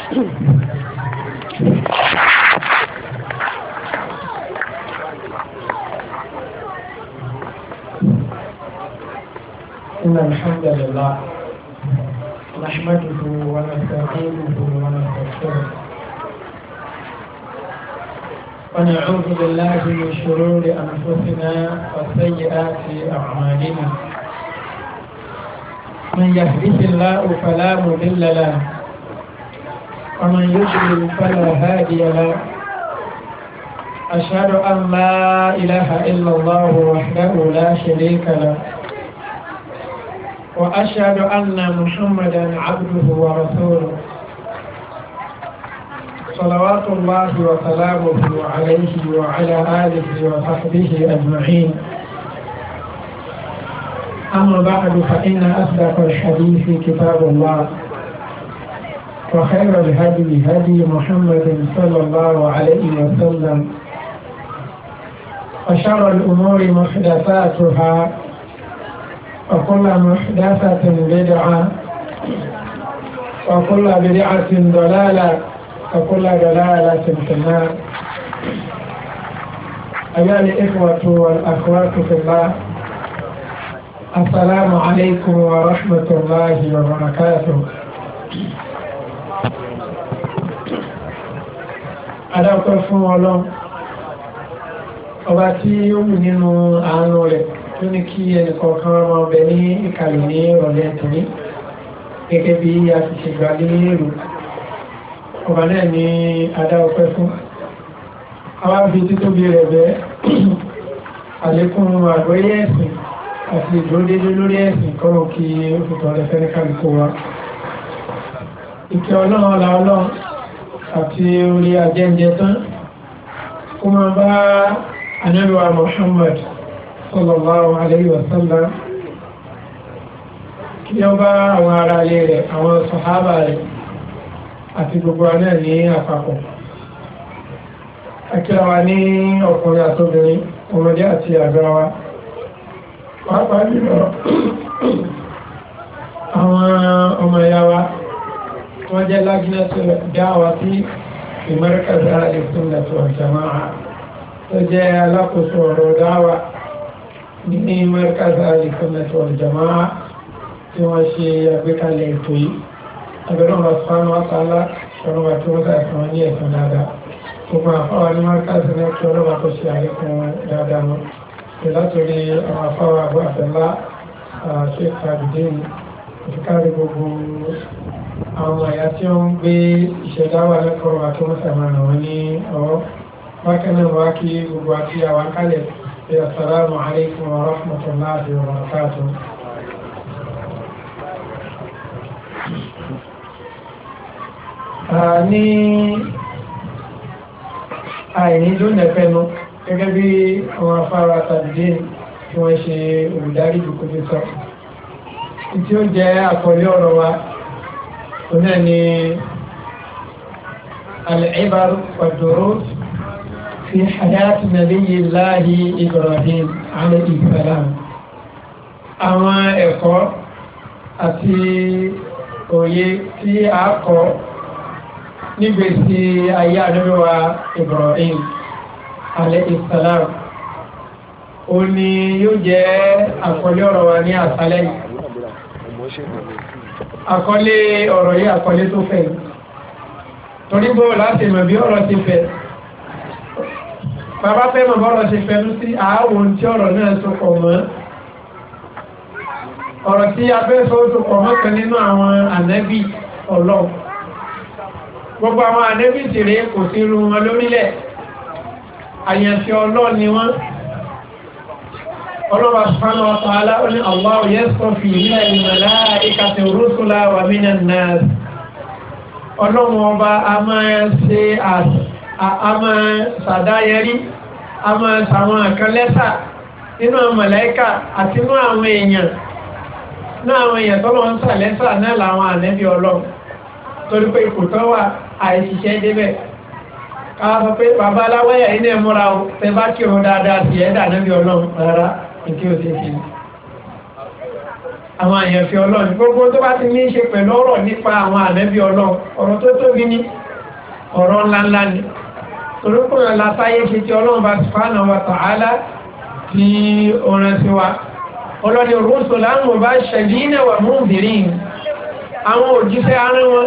إن الحمد لله نحمده ونستعينه ونستغفره ونعوذ بالله من شرور أنفسنا وسيئات أعمالنا من يهده الله فلا مضل له ومن يجلل فلا هادي له أشهد أن لا إله إلا الله وحده لا شريك له وأشهد أن محمدا عبده ورسوله صلوات الله وسلامه عليه وعلى آله وصحبه أجمعين أما بعد فإن أصدق الحديث كتاب الله وخير الهدي هدي محمد صلى الله عليه وسلم وشر الأمور محدثاتها وكل محدثة بدعة وكل بدعة ضلالة وكل ضلالة في النار أيها الإخوة والأخوات في الله السلام عليكم ورحمة الله وبركاته adápẹ́ fún ọlọ́run ọba tí ó mú nínú àánú rẹ̀ tó ní kí ẹnìkọ̀ọ̀kan ọmọ ọbẹ̀ ní ìkàlẹ̀ ní ọ̀lẹ́ tòní gẹ́gẹ́ bí a ti ṣe gbà lé èrò ọba náà ní adápẹ́ fún àwọn afi títóbi rẹ̀ bẹ́ẹ̀ àlékún àgbọ́yé ẹ̀sìn àti ìdúródédé lórí ẹ̀sìn kọ́rọ̀ kí ó fi tọ́lẹ̀ fẹ́ ní kálukú wa ìkẹ́ ọlọ́run ọlá ọlọ́run àti orí ajẹ́jẹ tán kó máa bá anábíwá Muhammad sallallahu alayhi wa sallam kí ó bá àwọn ará ilé rẹ̀ àwọn sàhábà rẹ̀ àti gbogbo aná ní àpapọ̀ akíra ní ọkùnrin àtobìnrin ọmọdé àti àgbà pàápàá jùlọ àwọn jẹ́ lágbínẹ́tò dáwà tí ìmọ̀rẹ́kàtà ìfúnnàtò àjàmáà tó jẹ́ alákòóso ọ̀rọ̀ dáwà ní ìmọ̀rẹ́kàtà ìfúnnàtò àjàmáà tí wọ́n ṣe àgbékalẹ̀ ètò yìí abẹ́rọ̀mà sánú àtàlá ọ̀rọ̀mà tó ń sàkàn ní ẹ̀sán dáadáa gbogbo àfáwà ní mọ̀rẹ́kàtà náà tí ọlọ́mà tó ṣe àlékún dáadáa mọ́ látòrí àwọn àfáwà àbọ̀ àtàlá ṣe kàdùdé ìfikárì gbogbo àwọn àyà tí ó ń gbé ìṣẹ̀dá wà lẹ́kọ̀ọ́ àti wọ́n sàmànà wọn ní ọwọ́ bákan náà wá kí gbogbo àti àwọn akálẹ̀ pé assalamu alaikum wa rahmatullahi wa barakatuh. ní àìní lónẹ̀fẹ́nu gẹ́gẹ́ bí àwọn afárá tàbí tí wọ́n ṣe olùdarí ìdókòjọ́ sọ. tí ó jẹ́ àkọlé ọ̀rọ̀ wa onáà ní al-ibar wad-durus fi hayati nabiyyillahi Ibrahim alayhi salam àwọn ẹ̀kọ́ àti òye tí a kọ́ nígbèsí ayé àdúgbò Ibrahim alayhi salam ó ní yóò jẹ́ àkọlé wa ní àṣálẹ́ yìí àkọlé ọ̀rọ̀ yìí àkọlé tó fẹ̀ torí bó láti mọ̀ bí ọ̀rọ̀ ti fẹ̀ bàbá fẹ́ mọ̀ bọ́rọ̀ ti fẹ́ lú sí àáwòn tí ọ̀rọ̀ náà tó pọ̀ mọ́ ọ̀rọ̀ tí abẹ́fẹ́ ó tó pọ̀ mọ́ kan nínú àwọn ànẹ́bí ọlọ́ gbogbo àwọn ànẹ́bí tìrẹ kò sí irú wọn lórílẹ̀ àyànfẹ́ ọlọ́ ni wọ́n ọlọ́wà sùpánù ọ̀tọ̀ aláwọ̀ni Allahu yastafi minal malaikati rusula wa minan nas. ọlọ́wọ́n ọba a máa ṣe a máa ṣàdáyẹrí a máa ṣàwọn àkànlẹ́sà nínú àwọn màláíkà àti nínú àwọn èèyàn nínú àwọn èèyàn tọ́lọ́ ń ṣàlẹ́sà náà làwọn ànẹ́bí ọlọ́run torí pé ipò tó wà àìṣiṣẹ́ débẹ̀ káwọn sọ pé bàbá aláwọ̀ ẹ̀yà yìí náà múra o tẹ bá kírun dáadáa sí ẹ̀dá ànẹ́bí ọlọ́run rárá nítí ó ṣe ṣe àwọn àyànfi ọlọ́run gbogbo tó bá ti ní í ṣe pẹ̀lú ọ̀rọ̀ nípa àwọn àlẹ́bí ọlọ́run ọ̀rọ̀ tó tóbi ní ọ̀rọ̀ ńláńlá ni torókùnrin látàyè ṣe ti ọlọ́run bá subhanahu wa ta'ala tí ó rán sí wa ọlọ́ni rusulan mubashirina wa mundhirin àwọn òjíṣẹ́ arín wọn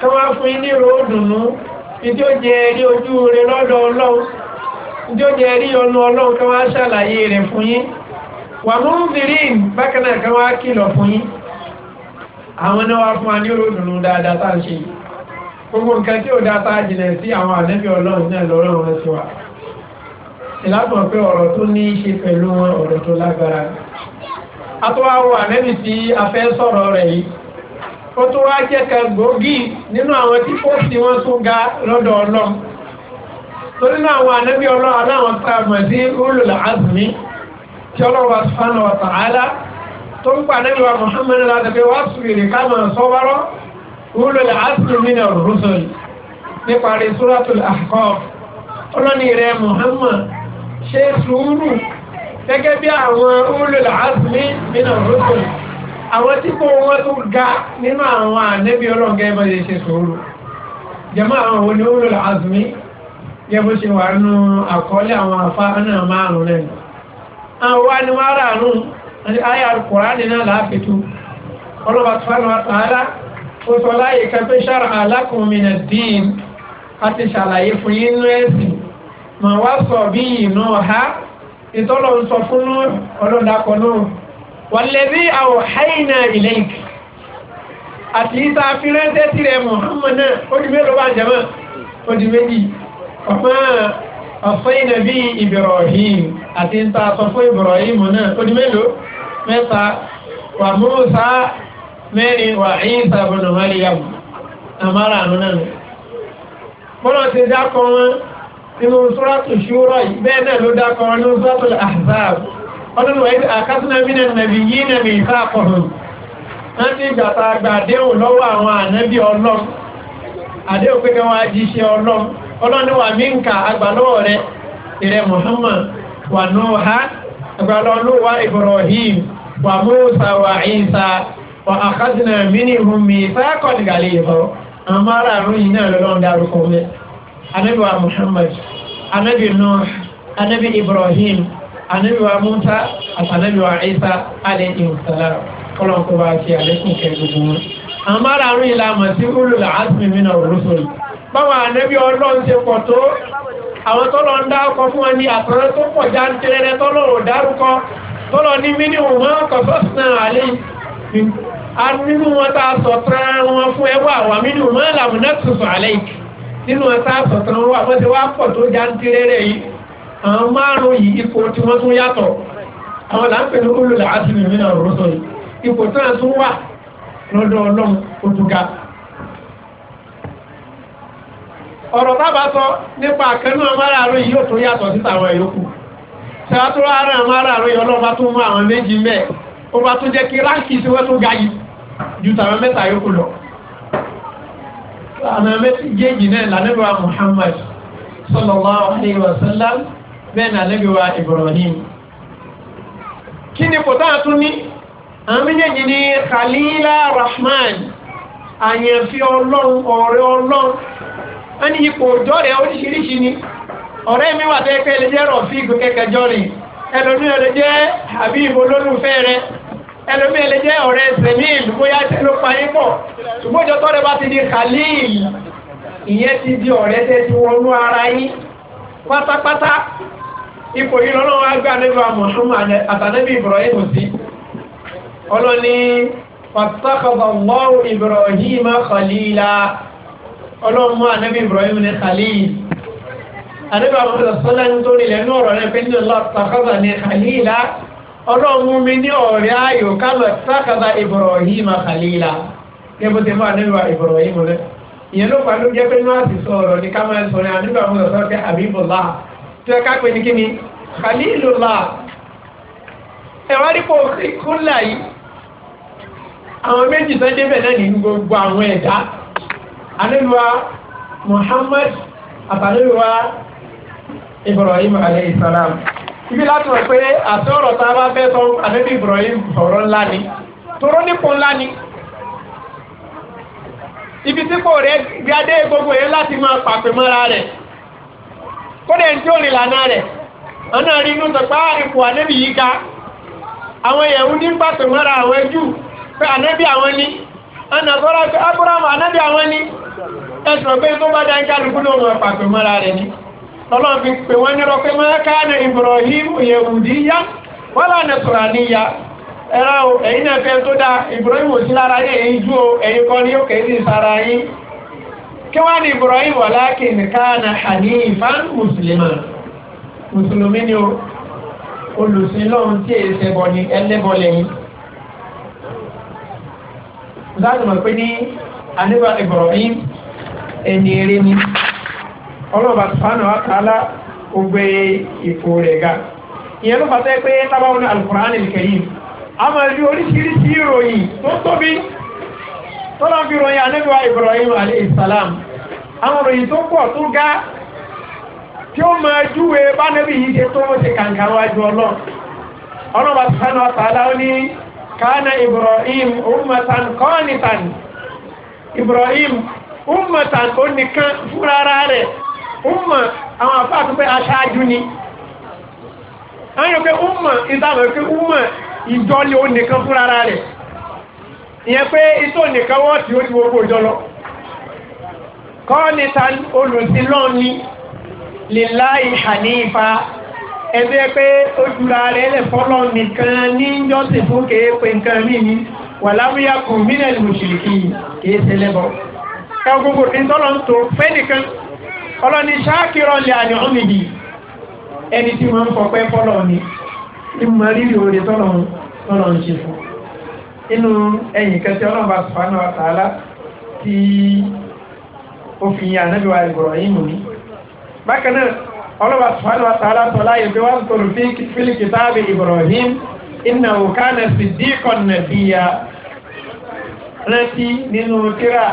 tó wá fún yín ní ròódùnú ní tí ó jẹ ní ojú rẹ lọ́dọ̀ ọlọ́run jóde rí ọnu ọlọ́run kan wá ṣàlàyé rẹ̀ fún yín wà mú mìíràn bákan náà kan wá kìlọ̀ fún yín àwọn náà wá fún wa ní olódùnú dáadáa tá à ń ṣe gbogbo nǹkan tí ò dáa tá a jìnà sí àwọn ànẹ́bí ọlọ́run náà lọ́rọ̀ wọn sí wa ìlànà pé ọ̀rọ̀ tó ní í ṣe pẹ̀lú wọn ọ̀rọ̀ tó lágbára atọ́wáwọ̀ ànẹ́bí tí a fẹ́ sọ̀rọ̀ rẹ̀ yìí ó tó wá jẹ́ kan gbòógì nínú àwọn tí fọ́ọ̀sì wọn tún ga lọ́dọ̀ ọlọ́run torí náà àwọn ànábì ọlọ́run aláwọn tá a mọ̀ sí ulul azmi tí ọlọ́run wa subhanahu wa ta'ala tó ń pa ànábì wa Muhammad láti fi wá sùwìrì ká máa sọ́wọ́rọ́ ulul azmi minar rusul níparí suratul ahqaf ọlọ́ni rẹ̀ Muhammad ṣe sùúrù gẹ́gẹ́ bí àwọn ulul azmi minar rusul àwọn tí kò wọ́n tó ga nínú àwọn ànábì ọlọ́run gẹ́gẹ́ bá ṣe sùúrù jẹ́mọ́ àwọn olùlọ́lọ́ azmi yẹ bó ṣe wà nù àkọọ́lẹ̀ àwọn afá náà márùn lẹ́nu àwọn wá ní wàrà àrùn àti àyà kùránì náà láàfitú ọlọ́ba tùfánù àtàlá ó sọ láyé kẹfẹ́ ṣára alákùnrin dín àti ṣàlàyé fún yín nú ẹ̀sìn mà wá sọ bí ìnú ha ìtọ́lọ̀ ń sọ fún ọlọ́dàkọ̀ náà wàlẹ́bí náà ó di mélòó bá jẹ́ mọ́ ó di méjì ọ̀fẹ́ ọ̀fẹ́yìnà bí àti ń ta sọ fún náà mélòó mẹ́ta wà mẹ́rin wà bọ́lá ti dákọ̀ wọn nínú Suratu Shura bẹ́ẹ̀ náà ló dákọ̀ wọn nínú Suratul Ahzab ọdún wọ̀nyí àkásínà mínà nàbí yìí nà mí ìfá ti gbàtà gbàdéhùn lọ́wọ́ àwọn ànábì ọlọ́m àdéhùn pé jíṣẹ́ ọlọ́m ọlọ́ni wa mí nkà agbálọ́wọ́ rẹ Muhammad wa Nuha agbálọ́lù wa Ibrahim wa Musa wa Isa wa àkàtúnà mínìhùn humi, sákọ̀ nìkàlẹ̀ yìí amara àwọn aráàlú yìí náà lọ́wọ́ dárúkọ mi anabi wa Muhammad anabi Nuh anabi Ibrahim anabi wa Musa àti anabi wa Isa alayhi salam kọlọ́nkọ́ bá ti alẹ́kùn kẹ́ gbogbo wọn. àwọn aráàlú yìí la mọ̀ sí ulul azmi minar rusul báwọn ànẹ́bí ọlọ́run ṣe pọ̀ tó àwọn tọ́lọ ń dárúkọ fún wọn ní àtọ́rẹ́ tó pọ̀ jáńtẹ́rẹ́ tọ́lọ ò dárúkọ tọ́lọ ní mínú wọn kọ̀ fọ́sùnà àlẹ́ nínú wọn tá a sọ̀tàn wọn fún ẹ wà wà mínú wọn làwọn náà tuntun àlẹ́ yìí nínú wọn tá a sọ̀tàn wọn wà wọ́n ti wá pọ̀ tó jáńtẹ́rẹ́ yìí àwọn márùn-ún yìí ipò tí wọ́n tún yàtọ̀ àwọn là olùlà àti ìrìnà òrósọ yìí ipò tí ọ̀rọ̀ tábà sọ nípa àkẹ́nú àmàrà àrùn yìí yóò tún yàtọ̀ sí tàwọn ìyókù ṣàtúrò àrùn àmàrà àrùn yìí ọlọ́ba tún mú àwọn méjì mẹ́ ó bá tún jẹ́ kí ráǹkì tí wọ́n tún ga yìí ju tàwọn mẹ́ta yókù lọ. àwọn méjèèjì náà lànàbíwá Muhammad sallallahu alaihi wasallam bẹ́ẹ̀ lànàbíwá Ibrahim. kí ni kò táà tún ní àwọn méjèèjì ní khalila rahman àyànfi ọlọ́run ọ̀rẹ́ ọlọ́run wọ́n ní ipò òjọ́ rẹ̀ oríṣiríṣi ni ọ̀rẹ́ mi wà tẹ́ pé ẹlẹ́jẹ́ rọ̀fíìgù kẹkẹjọ́ rìn ẹlòmí ẹlẹ́jẹ́ àbíbo lólùfẹ́ rẹ ẹlòmí ẹlẹ́jẹ́ ọ̀rẹ́ zemil bóyá tẹ ló parí pọ̀ ṣùgbọ́n ìjọ tọ́rẹ bá yìí lọ́nà wá gbé ọlọ́run mú anabi ibrahim ní khalil anabi abudulayi sọlá ní torí ilẹ̀ ní ọ̀rọ̀ rẹ̀ pé ní ọlọ́ takaba ní khalila ọlọ́run mú mi ní ọ̀rẹ́ ayò kama takaba ibrahim khalila kí ebó ti mú anabi wa ibrahim rẹ̀ ìyẹn ló fà ló jẹ́ pé náà ti sọ ọ̀rọ̀ ní kama ẹ̀ sọ̀rọ̀ anabi abudulayi sọlá pé habibullah tó ká pé ní kíni khalilullah ẹ̀wá dípò kúnlá yìí àwọn méjì sọ́jẹ́ bẹ̀ náà ní gbogbo àwọn ẹ̀dá. anẹ́lúwa Muhammad àtàlẹ́lúwa Ibrahim alayhi ibi láti wọ̀ pé àtọ́rọ̀ tá a bá fẹ́ sọ Ibrahim ńlá ni nípò ńlá ni ibi tí kò rẹ gbadé gbogbo yẹn láti máa pàpè mọ́ra rẹ kódà ń ò ọ̀nà rí inú ah, ipò yìí ká àwọn èèyàn ní àwọn pé ẹ̀sùn pé tó bá dá ń kálukú náà wọn pàtó mọ́ra rẹ̀ ni lọ́lọ́run fi pè wọ́n ní rọ́pẹ́ mọ́ káàna Ibrahim Yahudiya wala Nasraniya ẹ̀rọ ẹ̀yin náà tó dá Ibrahim ò sí lára yẹn èyí ju ẹ̀yin kan ní ó sí sára kí wọ́n ní Ibrahim walakin káàna mùsùlùmí ni o olùsìn tí àníbà Ibrahim ẹni eré ni ọlọ́ọ̀bà sùpánù àtàlà ògbé ipò rẹ̀ ga ìyẹn ló fàtẹ́ pé tábàwọn alukur'an ìkẹyìn a máa rí oríṣiríṣi ìròyìn tó tóbi tọ́lá fi ròyìn àníbà Ibrahim alayhi salam àwọn ìròyìn tó pọ̀ tó ga tí ó máa júwe bá níbi yìí ṣe tó ń ṣe kàǹkà wájú ọlọ́run ọlọ́ọ̀bà sùpánù àtàlà ó ní kánà Ibrahim ummatan qanitan Ibrahim ummatan ó nikan fúnra ara umma àwọn àfáà tó pé aṣáájú ni a yọ pé umma ìdáhùn pé umma ìjọlẹ̀ ó nìkan fúnra ara rẹ̀ ìyẹn pé ìtò nìkan wọ́n tí ó ti gbogbo ìjọ lọ kọ́nìta olùsílọ́ni lillahi hanifa ẹgbẹ́ pé ó jùlọ rẹ̀ lẹ̀ fọ́lọ́ nìkan ní jọ́sìn fún kéèpé nǹkan mímí wàlámúyà kò mílẹ̀ mùsùlùmí kìí ṣe lẹ́bọ̀. ẹ gbogbo ìtọ́lọ̀ ń tó fẹ́nìkan ọlọ́ni ṣáàkìrọ̀ lè àní ọ̀nìdì ẹni tí wọ́n ń fọpẹ́ fọ́lọ̀ ni ní mo rírì oore tọ́lọ̀ tọ́lọ̀ ń ṣe fún. inú ẹ̀yìn kẹsì ọlọ́run bá sùpánù àtàlá tí ó fi yin ànábì wa ìgbọ̀rọ̀ yìí mú mi. bákan náà ọlọ́ba sùpánù àtàlá tọ́lá yìí pé wọ́n ń tòrò fílíkì táàbì Ibrahim innahu kana siddiqan rántí nínú tíra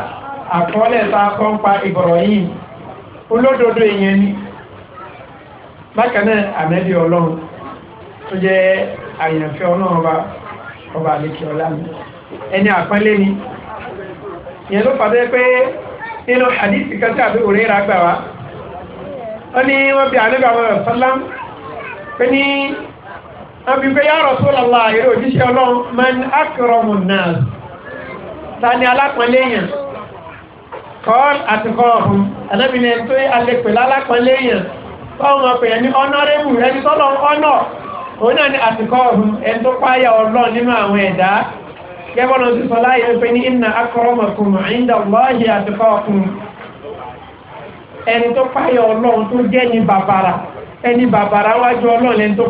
àkọọ́lẹ̀ tá a kọ́ ń pa Ibrahim olódodo èèyàn ni bákan náà ànábì ọlọ́run tó jẹ́ àyànfẹ́ ọlọ́run ọba ọba àlekè ọlá mi ẹni àpọ́nlé ni ìyẹn ló fàdé pé nínú hadith kan tí àbí òrèrà gbà wá wọ́n ní wọ́n bí ànábì àwọn ọ̀sánlám pé ní wọ́n bí pé ya Rasulullah ìrò òjíṣẹ́ ọlọ́run man akramun nas ta ni alápọ̀nlé èèyàn àti kọ́ọ̀hún anábìnrin tó alẹ́pẹ̀ lálápọ̀nlé èèyàn tọ́wọ́n pè ní ni àti kọ́ọ̀hún ẹni tó páyà àwọn ẹ̀dá gẹ́gbọ́n ti sọlá láyé pé ní inna akramakum inda Allahi atqakum ẹni tó páyà tó ní bàbàrà ẹni bàbàrà wájú tó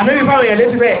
àbẹ́bí fáwọn létí bẹ́ẹ̀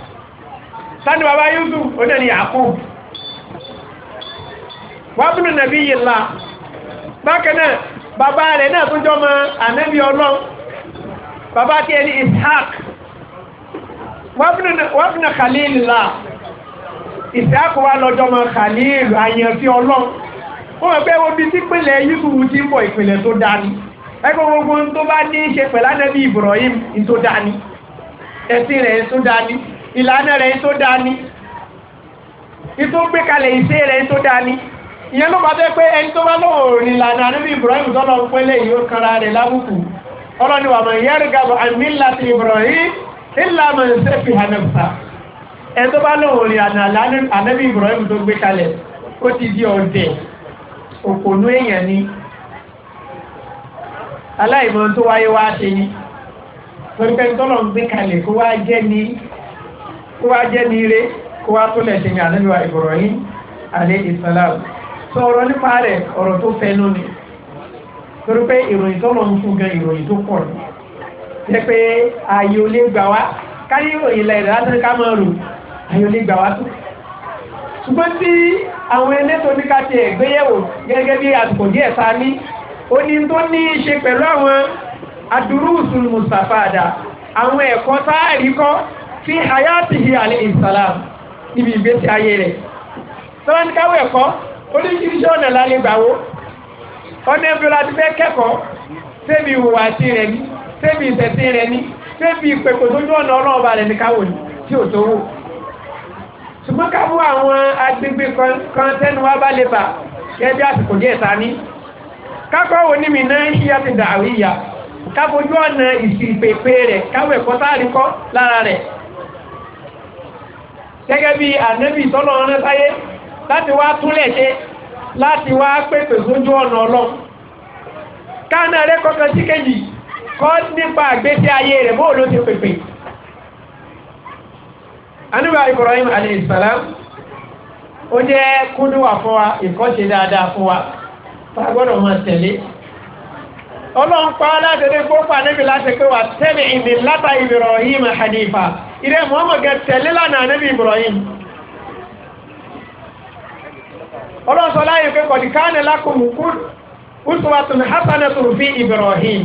sani baba yusuf ó dẹ̀ ní yakub wàbùnú nàbí yìlá bákan náà bàbá rẹ̀ náà tó jọ́ mọ ànábì ọlọ́run bàbá tiẹ̀ ní ishaq wàbùnú khalilillah ishaq wà lọ́jọ́ mọ khalil àyànfi ọlọ́run wọ́n mọ̀ pé omi tí pínlẹ̀ yusuf ti ń bọ̀ ìpínlẹ̀ tó dání ẹgbẹ́ gbogbo tó bá ní í ṣe pẹ̀lú ànábì ibrahim tó dání ẹ̀sìn rẹ̀ tó dání ìlànà rẹ̀ tó dáa ni ìtò gbé kalẹ̀ ìṣe rẹ̀ tó dáa ni ìyẹn ló bá fẹ́ pé ẹni tó bá lọ òrìn ìlànà níbi Ibrahim tọ́lọ ń pẹ́lẹ̀ yóò kanra rẹ̀ lábùkù ọlọ́ni wà mọ̀ ìyá rẹ̀gàbọ̀ àmìlà ti Ibrahim ìlà mọ̀ ṣe fi hànàfà ẹni tó bá èèyàn ni aláìmọ̀ tó wáyé wá ṣe ni torí tọ́lọ̀ ń gbé kalẹ̀ kó wá jẹ́ ni kó wá jẹ́ ní ire kó wá tó lẹ̀ṣẹ̀ ní ànábìwá Ibrahim alayhi salam sọ ọ̀rọ̀ nípa rẹ̀ ọ̀rọ̀ tó fẹnu ni torí pé ìròyìn tó lọ ń fún gan ìròyìn tó pọ̀ ni jẹ́ pé ayé olè gbà wá káyé ìròyìn ilẹ̀ ìdá látàrí ká máa rò ayé olè gbà wá tó ṣùgbọ́n tí àwọn elétò ní ká ti ẹ̀gbéyẹ̀wò gẹ́gẹ́ bí àsìkò díẹ̀ sá ní ó tó ní í ṣe pẹ̀lú àwọn adúrúùsùn mùsàfàdà àwọn ẹ̀kọ́ sáà rí kọ́ fi hayati hi alẹ́ ìsàlám níbi ìgbésí ayé rẹ̀ sọ́wọ́n ní káwọ́ ẹ̀kọ́ oríṣiríṣi ọ̀nà lálẹ́ gbàwó ọ̀nà ẹ̀bí ọ̀la ti fẹ́ kẹ́kọ̀ọ́ sẹ́bi ìhùwà ti rẹ̀ ní sẹ́bi ìtẹ̀sí rẹ̀ ní sẹ́bi ìpèkò tójú ọ̀nà ọlọ́ọ̀ba rẹ̀ ní káwọ́ ní tí ò tó wò ṣùgbọ́n káwọ́ àwọn agbègbè kan tẹ́nu wá bá lè bà kẹ́bí àsìkò díẹ̀ ta ní kákọ́ wo ní mi náà ti dàwí ìyá káfojú ọ̀nà ìsìn rẹ̀ káwọ́ ẹ̀kọ́ sáà rí kọ́ lára rẹ̀ gẹ́gẹ́ bí ànábì tọ́nà ọ̀rẹ́ sáyé láti wá túnlẹ̀ ṣe láti wá pèpè sójú ọ̀nà ọlọ́run káàná rẹ kọ́kọ́ sí kejì kọ́ nípa àgbésí ayé rẹ̀ bóò ló ti pèpè anúbà Ibrahim alayhi salam ó jẹ́ kúndùwà fún wa ìkọ́ṣe dáadáa fún wa tá a gbọ́dọ̀ máa tẹ̀lé ọlọ́run pa aláṣẹ ní gbópa níbi láti pé wà tẹ́lẹ̀ ìdí látà Ibrahim hanifa ìrẹ́ Muhammad gẹ tẹ̀lé lánàá Ibrahim ọlọ́sọ láyé pé kọ̀dí káàní lákòmù uswatun fi Ibrahim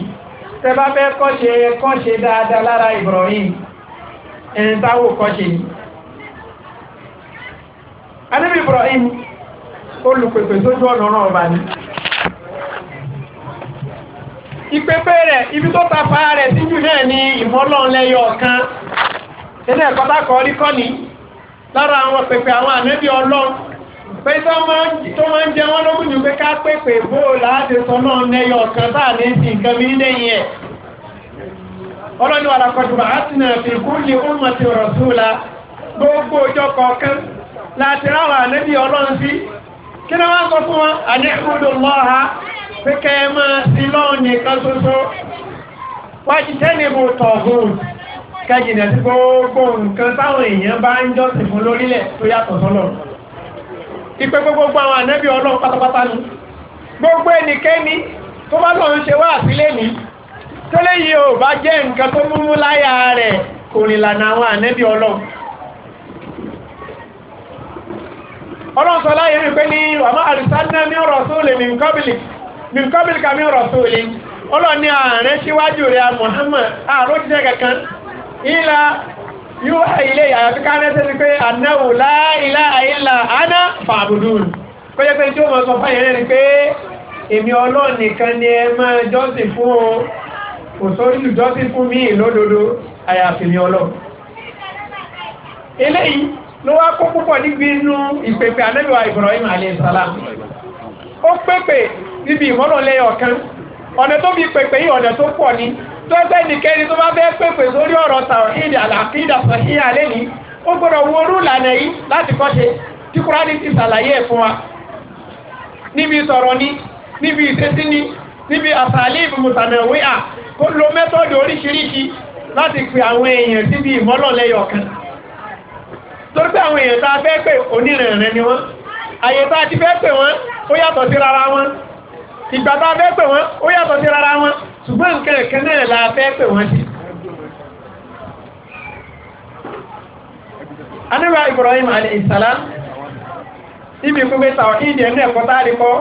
tẹ́bá fẹ́ kọ́ṣe kọ́ṣe dáadáa lára Ibrahim ẹni kọ́ṣe ni Ibrahim olùpèpè tó jọ ọ̀nà ọba ni ìpèpè rẹ̀ ibi tó ta rẹ̀ síjú náà ni ìmọ̀lọ́ọ̀lẹ́yọ̀ kan nínú ẹ̀kọ́ bá kọ́ rí kọ́ ni lára àwọn pẹ̀pẹ̀ àwọn ànábì ọlọ́run pé tó máa ń jẹ wọ́n lógún jù pé ká pèpè bó láti sọ náà nẹyọ kan tá ní ti nǹkan mi lẹ́yìn ẹ̀ ọlọ́ni wà la gbogbo ọjọ́ kọ̀ọ̀kan láti ọlọ́run sí kí ni wọ́n fún wọn àní pé kẹ́ ẹ máa sí ṣoṣo wájú kẹ́jìnà sí gbogbo nǹkan táwọn èèyàn bá ń jọ́sìn fún lórílẹ̀ tó yàtọ̀ sọ́lọ̀ ìpé gbogbo àwọn ànábì ọlọ́run pátápátá ni gbogbo ẹnikẹ́ni tó bá lọ ń ṣe wá àsílẹ̀ ní tẹ́lẹ̀ yìí ò bá jẹ́ nǹkan tó múmú láyà rẹ̀ kò ní àwọn ànábì ọlọ́run ọlọ́run sọ láyé wípé ní wàmọ́ àrùsánná ní ọ̀rọ̀ sóòlè mìkọ́bìlì kàmí ọ̀rọ̀ sóòlè ọlọ́run ní ààrẹ síwájú rẹ̀ Muhammad àròjìnà kankan Ila, yóò hà ilé àyàfi káàrẹ́ tẹ́lẹ̀ pé anáwò láìlá àìlà aná fàbùdùn kó jẹ́ pé tí ó mọ̀ sọ fún ẹ̀rẹ́ ni pé èmi ọlọ́run nìkan ni ẹ máa jọ́sìn fún o kò sórí jọ́sìn fún mi lódodo àyàfi mi ọlọ́run eléyìí ló wá kó púpọ̀ Ibrahim alayhi salam ó pèpè níbi ìmọ́lọ̀lẹ́yọ̀ kan ọ̀nà tó fi pèpè yìí ọ̀nà tó pọ̀ ni tó pẹ́ nìkẹ́ni tó bá fẹ́ pèpè sórí ọ̀rọ̀ tawhid al-aqida sahiha lẹ́ni ó gbọ́dọ̀ wo orú ìlànà yìí láti kọ́ ṣe tí kúránì ti ṣàlàyé ẹ̀ fún wa níbi sọ̀rọ̀ ni níbi ìṣesí ni níbi àṣàlẹ́ ìfimùsàmẹ̀wé à kó lo mẹ́tọ́dù oríṣiríṣi láti pe àwọn èèyàn síbi ìmọ́lọ̀lẹ́yọ̀ kan torí pé àwọn èèyàn tá a fẹ́ pè onírìnrìn ni wọ́n àyè tá a ti fẹ́ pè wọ́n ó yàtọ̀ sí rárá wọn ìgbà tá a fẹ́ pè wọ́n ó yàtọ̀ sí rárá wọn ṣùgbọ́n nǹkan ẹ̀kẹ́ náà la fẹ́ pè wọ́n sí. anábà Ibrahim ali salam níbi ìpínpẹ́ tàwọn ìdí ẹ̀ náà kọ́tà àdìkọ́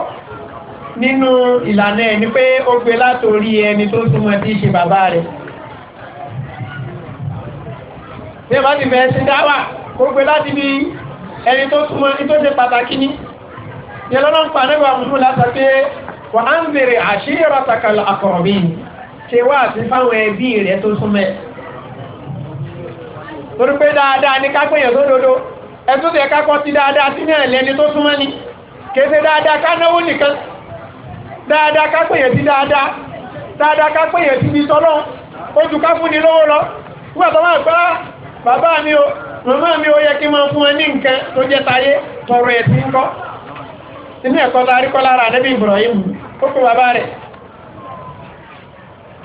nínú ìlànà ẹ̀ ni pé ó gbé látòrí ẹni tó súnmọ́ tí í ṣe bàbá rẹ̀. bí ẹ bá ti fẹ́ ṣe dáwà ó gbé láti bí ẹni tó súnmọ́ ní tó ṣe pàtàkì ní. ìyẹn lọ́nà ń pa anábà mùsùlùmí látàgbé wà á ń bèrè àṣírí takàlà àkọ̀rọ̀bí ṣe wá àti fáwọn ẹbí rẹ̀ tó súnmẹ́ torí pé dáadáa ní kápẹ́yàn tó dodo ẹtún tẹ kákọ́ ti dáadáa sí náà lẹ́ni tó súnmọ́ ni kéde dáadáa ká náwó nìkan dáadáa kápẹ́yàn ti dáadáa dáadáa kápẹ́yàn ti di tọ́lọ́ ojú ká ni lówó lọ wúwà tó máa gbá bàbá mi o màmá mi ó yẹ kí n máa fún ẹ ní nǹkan tó jẹ́ tayé tọrọ ẹ̀ ti ń kọ́ sínú ẹ̀kọ́ lárí kọ́ lára Ibrahim ó pè bàbá rẹ̀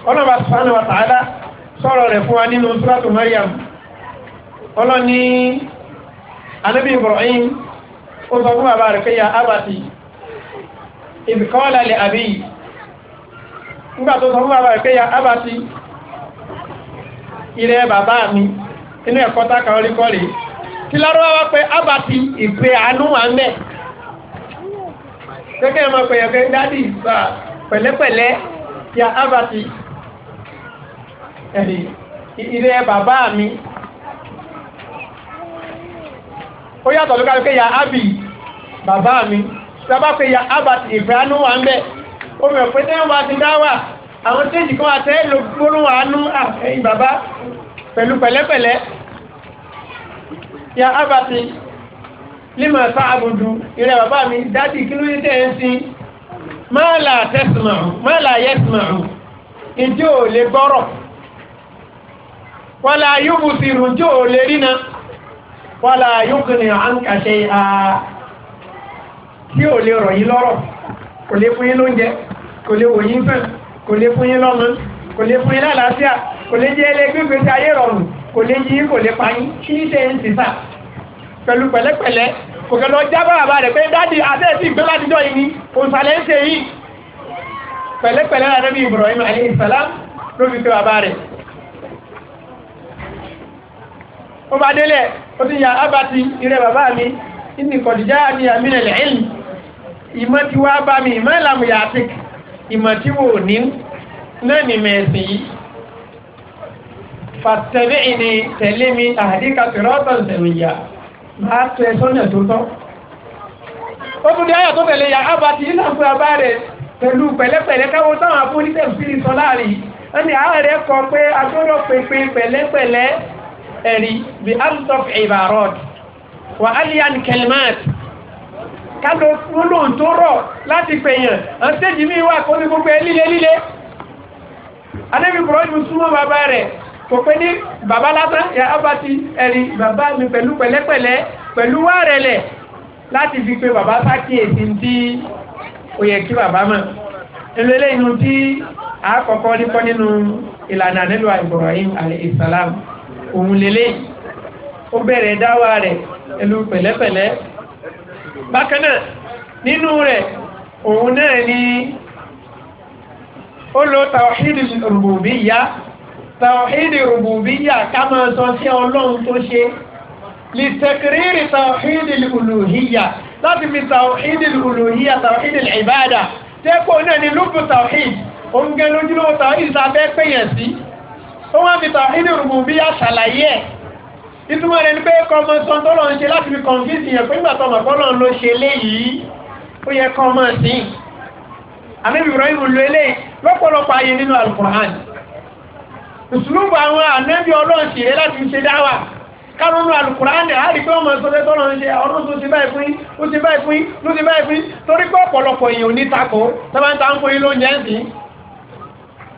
ọlọ́ba subhanahu wa ta'ala sọ̀rọ̀ rẹ̀ fún wa nínú suratu Maryam ọlọ́ni Ibrahim ó sọ fún bàbá abati idh abiyi nígbà tó sọ fún bàbá rẹ̀ abati ilẹ̀ bàbá mi inú ẹ̀kọ́ tá abati ìpè àánú ń kẹ́kẹ́ máa pẹ̀yàn kẹ́ dádì bá pẹ̀lẹ́pẹ̀lẹ́ ya abati ẹ̀rí ilé bàbá mi ó yàtọ̀ ló kálukẹ́ ya abi bàbá mi sábà pé ya abati ìfìránú wa ń bẹ̀ ó mẹ̀ pé tẹ́wọ́n bá ti dáwà àwọn téèjì kan àtẹ́ ló gbórùn àánú àfẹ́yìn bàbá pẹ̀lú pẹ̀lẹ́pẹ̀lẹ́ ya abati lima abudu, ìrẹ bàbá mi dádì kí ló tẹ́ ẹ ń sin ma la tasma'u ma la yasma'u ǹjẹ́ ò lè gbọ́rọ̀ wala yubsiru ǹjẹ́ ò lè rí na wala yughni anka shay'a tí ò lè rọ̀ yín lọ́rọ̀ kò lè fún yín lóúnjẹ kò lè wò yín fẹ́ kò lè fún yín lọ́mọ kò lè fún yín lálàáfíà kò lè jẹ́ ẹlẹgbẹ́gbẹ́ tí ayé rọrùn kò lè yí kò lè pa yín kí ní tẹ́ ń ti sáà pẹ̀lú pẹ̀lẹ́pẹ̀lẹ́ kò kẹ́ lọ já bàbá rẹ̀ pé dáàdì àtẹ́ẹ̀tì ìgbé láti jọ yìí ni òǹsàlẹ̀ ń ṣe yìí pẹ̀lẹ́pẹ̀lẹ́ rẹ̀ níbi Ibrahim alayhi salam ló fi ṣe bàbá rẹ̀ ó bá délẹ̀ ó ìmọ̀ tí wá bá mi ìmọ̀ ìlàmù yàtìk ìmọ̀ tí wò ní náà ni mẹ̀sìn yìí fàtẹ́bí ìní tẹ̀lé mi àdíkà tìrọ́tọ̀ ìsẹ̀mìyà máa tọ́ ẹ sọ́nà tó tọ́ ó tún di ayọ̀ tó tẹ̀lé ya abati ilé àfúrà bá rẹ̀ pẹ̀lú pẹ̀lẹ́pẹ̀lẹ́ káwọn táwọn afúnisẹ̀ fìrì sọ láàrin ẹni ààrẹ kọ pé agbọ́dọ̀ pínpín pẹ̀lẹ́pẹ̀lẹ́ ẹ̀rí bí alsof ibarod wà alian kelmat kálọ̀ olóhùn tó rọ̀ láti pèèyàn àwọn stéèjì míì wà kó ní gbogbo ẹ líle líle adébíkùrọ̀ ìbùsùnmọ́ bàbá rẹ̀ kò pé ní bàbá lásán ya abati ẹ̀rí bàbá mi pẹ̀lú pẹ̀lẹ́pẹ̀lẹ́ pẹ̀lú wá rẹ̀lẹ̀ láti fi pé bàbá sákìyèsí tí ó yẹ kí bàbá mọ̀ ẹlẹ́lẹ́ inú tí àkọ́kọ́ nípọ́ nínú ìlànà àdẹ́lùwà Ibrahim alaihissalam òun lélẹ́ ó bẹ̀rẹ̀ dáwà rẹ̀ ẹlú pẹ̀lẹ́pẹ̀lẹ́ bákanáà nínú rẹ̀ òun náà ni ó lo tawhidul rububiyyah tàwíìdì rùbùbíyà ká máa sọ sí ọlọ́run tó ṣe lè tẹ̀kìrìrì tàwíìdì olùhíyà láti fi tàwíìdì olùhíyà tàwíìdì ìbáàdà tẹ́pọ̀ náà ni lùbù tàwíìdì oúnjẹ lójúlówó tàwíìdì sábẹ́ pèyàn sí wọ́n wá fi tàwíìdì rùbùbíyà ṣàlàyé ẹ̀ ìtumọ̀ rẹ̀ ni pé kọmọ sọ tó lọ ń ṣe láti fi kọ̀ǹfíìsì yẹn pé nígbà tọmọ kọ́ lọ́n ló ṣe léyìí ó yẹ kọ́ mọ̀ sí àmì ìbìrọ̀ ìrùlé lé lọ́pọ̀lọpọ̀ ayé nínú alukur'an ìsúlùmù àwọn ànẹ́bí ọlọ́run ṣìrẹ́ láti fi ṣe dáwà kánúnú alùkùránì àárí pé ọmọ ìsọdẹ́ tọ́lọ ń ṣe ọdún tó ti báyìí fún yín ó ti báyìí fún yín ló ti báyìí fún yín torí pé ọ̀pọ̀lọpọ̀ èèyàn ní takò tọ́bátà ń fún yín lóúnjẹ ń sìn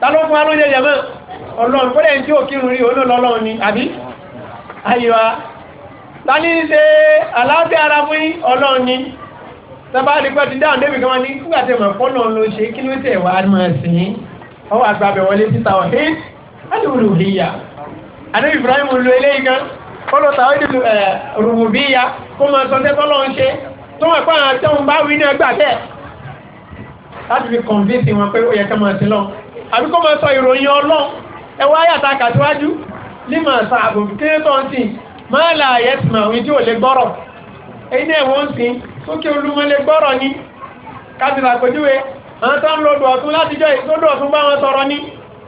ta ló fún wa lóúnjẹ jẹ̀mọ́ ọlọ́run kó lẹ́yìn tí ò kírun rí òun lọ́lọ́run ni àbí ayíwa ta ní ṣe àlàáfíà ara fún yín ọlọ́run ni tọ́bátà pẹ́ ti dáhùn débi kan ní kúgbàtẹ̀mọ̀ fọ́nà ló ṣe kí ló tẹ̀ wá mọ̀ sí ọwọ́ àgbàbẹ̀ títà ọ̀hìn alùrùbíyà ànábì Ibrahim lu eléyìí kan kọlọ tàwọn ìdìbò ẹ rùbùbíyà kó máa sọ tẹ́tọ́ lọ́n ṣe tó wọn pa àwọn àtẹ̀wọ̀n bá wí ní ẹgbà tẹ̀ láti fi kọ̀ǹfíìsì wọn pé ó yẹ ká máa ti lọ àbí kó máa sọ ìròyìn Ọlọ́run ẹ wá yàtà kàtíwájú lima sa àbòbí kéré tó ń sìn máa là yẹtùmọ̀ òun tí ò lè gbọ́rọ̀ èyí náà wọ́n ń sìn sókè olúmọ lè gbọ́rọ̀ ni kábìlà àpèjúwe àwọn tó ń lodò ọ̀tún látijọ́ ìtòdò ọ̀tún bá wọn sọ̀rọ̀ ni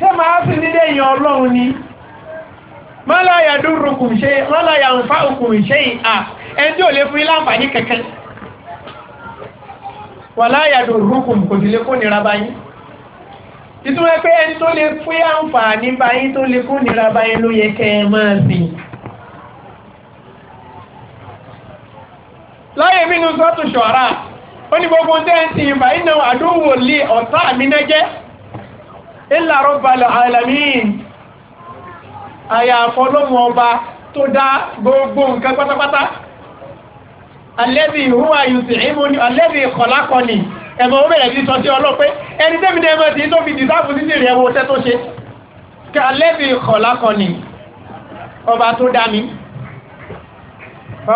ṣé màá sì nílé èèyàn ọlọ́run ni mọ́lá yàdúrùkùn ṣe mọ́lá yàǹfà òkùn ṣe à ẹni tí ò lè fún yín láǹfààní kankan wàlá yàdúrùkùn kò sì lè kó nira bá yín ìtumọ̀ pé ẹni tó lè fún yín àǹfààní bá yín tó lè kó nira bá ló yẹ kẹ́ máa sìn. láyé mi sọ́tù ṣọ̀ra ó ní gbogbo tẹ́ ń sìn ìbá iná àdúgbò lé ọ̀tá mi illa rabbal alamin àyà àfọlọ́mù ọba tó dá gbogbo nǹkan pátápátá alladhi huwa yut'imuni alladhi khalaqani ẹ̀mọ̀ ó bẹ̀rẹ̀ sí sọ sí ọlọ́pẹ́ ẹni tẹ́mi dẹ́mọ̀ tí tó fi dìsáàbù sí ìrìn ẹwọ tẹ́ tó ṣe alladhi mi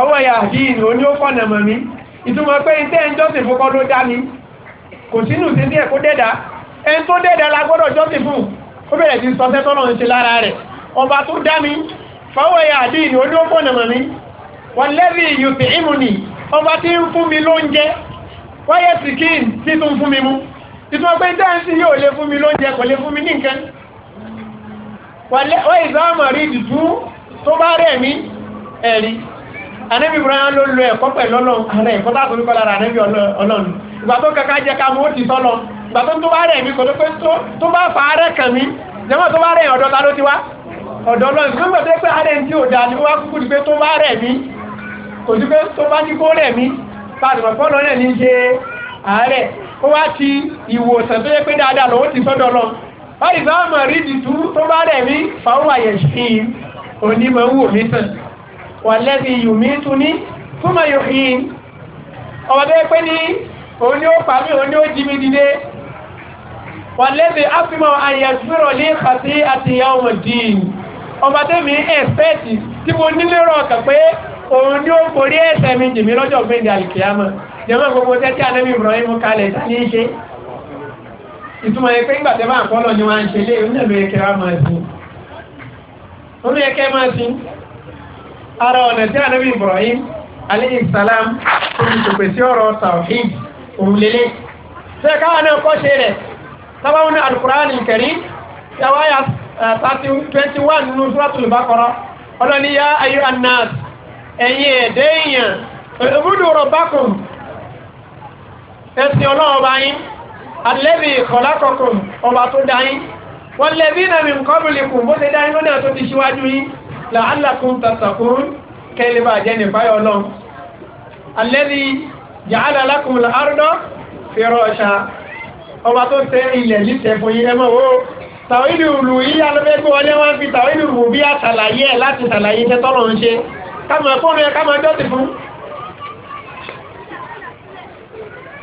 ọwọ́ ya bí ìrìn oní ó fọ̀nà mọ̀ mi ìtumọ̀ pé iṣẹ́ ẹjọ́ sì ẹni tó dẹ́ẹ̀dẹ́ la gbọ́dọ̀ jọ́sìn fún ó bẹ̀rẹ̀ sí sọ sẹ́tọ́ náà ń ṣe lára rẹ̀ ọba tó dá mi fáwọn ẹ̀yà àdí ìní oníwọ́pọ̀ nàmọ̀ mi wọ́n lẹ́bí yùtì ìmùnì ọba tí ń fún mi lóúnjẹ wáyé sikin tí tún fún mi mú títún pé dáńsì yóò lè fún mi lóúnjẹ kò lè fún mi ní nǹkan wọ́n ìzáàmà rí ìdìtú tó ìgbà tó kẹ́kẹ́ jẹ́ ká mú ó ti sọ́lọ́run gbàtó tó bá rẹ̀ mí kò tó pé tó bá fa arẹ́ kàn mí jẹ́mọ́ tó bá rẹ̀ ọ̀dọ́ ta ló ti wá ọ̀dọ́ lọ sí gbogbo pé arẹ́ tí ò dáa ni wọ́n kúkú di pé tó bá rẹ̀ mí kò sí pé tó bá ní kó rẹ̀ mí pàtàkì fọ́nà rẹ̀ ní ṣe àárẹ̀ ó wá ti ìwòsàn tó yẹ pé dáadáa lọ́wọ́ ti sọ́dọ̀ lọ báyìí bá mọ̀ rí dìtú tó bá rẹ̀ mí fàwọn àyẹ̀sí onímọ̀ wò mí sàn wà lẹ́bi yùmí tún ní fúnmọ̀ yòókì ọ̀dọ́ pé ní òun ni ó pàmí òun ni ó jí mi dìde wàlẹ́bí áfímọ̀ àyẹ̀sùrọ̀ ní kàtí àti ìyàwó mọ̀dín ọba tẹ́mi ẹ̀fẹ́ẹ̀tì tí mo nílérò ọ̀kà pé òun ni ó borí ẹ̀ṣẹ̀ mi jìmí lọ́jọ́ gbẹ̀ndẹ̀ àlìkìyàmọ̀ jẹ́mọ́ gbogbo tẹ́tí ànábì Ibrahim kalẹ̀ ní ṣe ìtumọ̀ yẹ pé ńgbàtẹ́ bá ń kọ́ lọ ni wọ́n ṣe lé onílù ẹ̀kẹ́ wa máa sin onílù ẹ̀kẹ́ máa sin ara ọ̀nà tí ànábì Ibrahim alayhi salam tó ń tòpèsí ọ̀rọ̀ òun lélẹ̀ tẹ́ káwọn náà kọ́ ṣe rẹ̀ sábàwọn alukurani kẹrin yàwáyà thirty twenty one nínú suratul Baqara ọlọ́ni yá ayé anas ẹ̀yin ẹ̀dẹ́ èèyàn ìbúdó rọ̀bákùn ẹ̀sìn ọlọ́run ọba yín alẹ́bí kọ̀lákọ̀kùn ọba tó dá yín wọ́n lẹ́bí nàmì kọ́bùlìkùn bó ṣe dá yín lónìí àtúntì ọba tó tẹ ilẹ̀ lítẹ̀ fún yín ẹmọ́ o tàwídì ìlú yìí alẹ́gbẹ́ wọlé wọn fi tàwídì ìlú bí àtàlàyé ẹ̀ láti tàlàyé iṣẹ́ tọ́lọ̀ ń ṣe kámọ̀ ẹ̀kọ́ rẹ̀ kámọ̀ ẹjọ́ ti fún.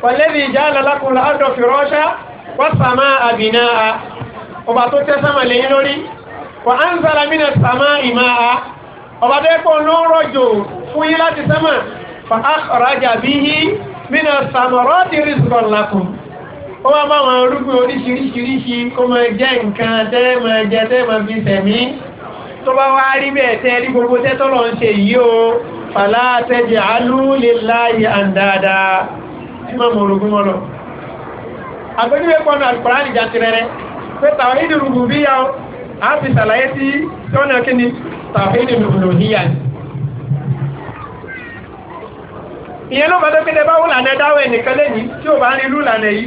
pẹ̀lẹ́bí ìjà alákùnrin àdọ̀ fìrọ́ṣà wọ́n sàmà àbìnà a ọba tó tẹ́ sàmà lẹ́yìn lórí wọ́n á ń ó wá bá wọn rúgbìn oríṣiríṣiríṣi kó máa jẹ́ nǹkan tẹ́lẹ̀ máa jẹ tẹ́lẹ̀ máa fi tẹ̀mí tó bá wá rí bẹ́ẹ̀ tẹ́ rí gbogbo tẹ́tọ́ lọ ń ṣe yìí o fàlá tẹ́jẹ̀ alúléláyé àndáadá tí máa mọ̀ orogún wọn lọ. àgbẹ̀dúwẹ̀ pọnà alukọ̀rán ìjà ti rẹ̀rẹ̀ pé tàwíìdì rùbùbíyà o a fi ṣàlàyé sí tọ́nà kíni tàwíìdì rùbùbíyà ni. ìyẹn ló bá tó kéde bá wùlànà dáwọ̀ ẹnìkan lẹ́yìn tí ò bá rí lùlànà yìí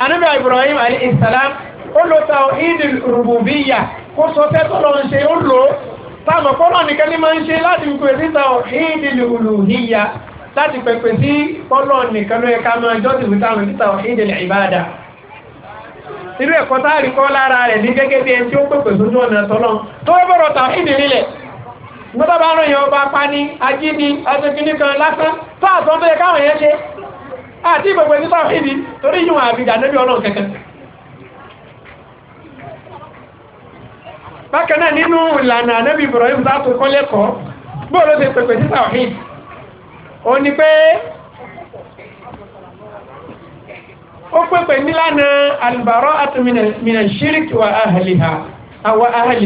anabi ibrahim ali salam ó lo tawhid rububiyyah kó sọ fẹ́ tọ́lọ́ ń ṣe ó lò ó táàmù kọ́lọ́ nìkan ní máa ń ṣe láti pè sí tawhid uluhiyyah láti pèpè sí kọ́lọ́ nìkan ló yẹ máa jọ́sìn fún táwọn sí tawhid al-ibadah irú ẹ̀kọ́ tá rí kọ́ lára rẹ̀ ní gẹ́gẹ́ bí ẹni tí ó pèpè sójú ọ̀nà tọ́lọ́ tó wẹ́ bọ̀rọ̀ tawhid nílẹ̀ gbọ́dọ̀ bá yẹn ọba pani ajínigbé lásán fáàtọ́ tó yẹ káwọn yẹn ṣe àti ìgbẹ̀gbẹ̀ ní sáfíìdì torí yíwọ̀n àbìdà nẹ́bí ọlọ́run kẹ̀kẹ́ bákan náà nínú ìlànà nẹ́bí Ibrahim sátò kọ́ lẹ́kọ̀ọ́ bóò ló ti pẹ̀pẹ̀ sí sáfíìdì ó ní pé ó pẹ̀pẹ̀ nílànà alìbàrọ̀ àtúmìnà ṣíríkì wà áhàlì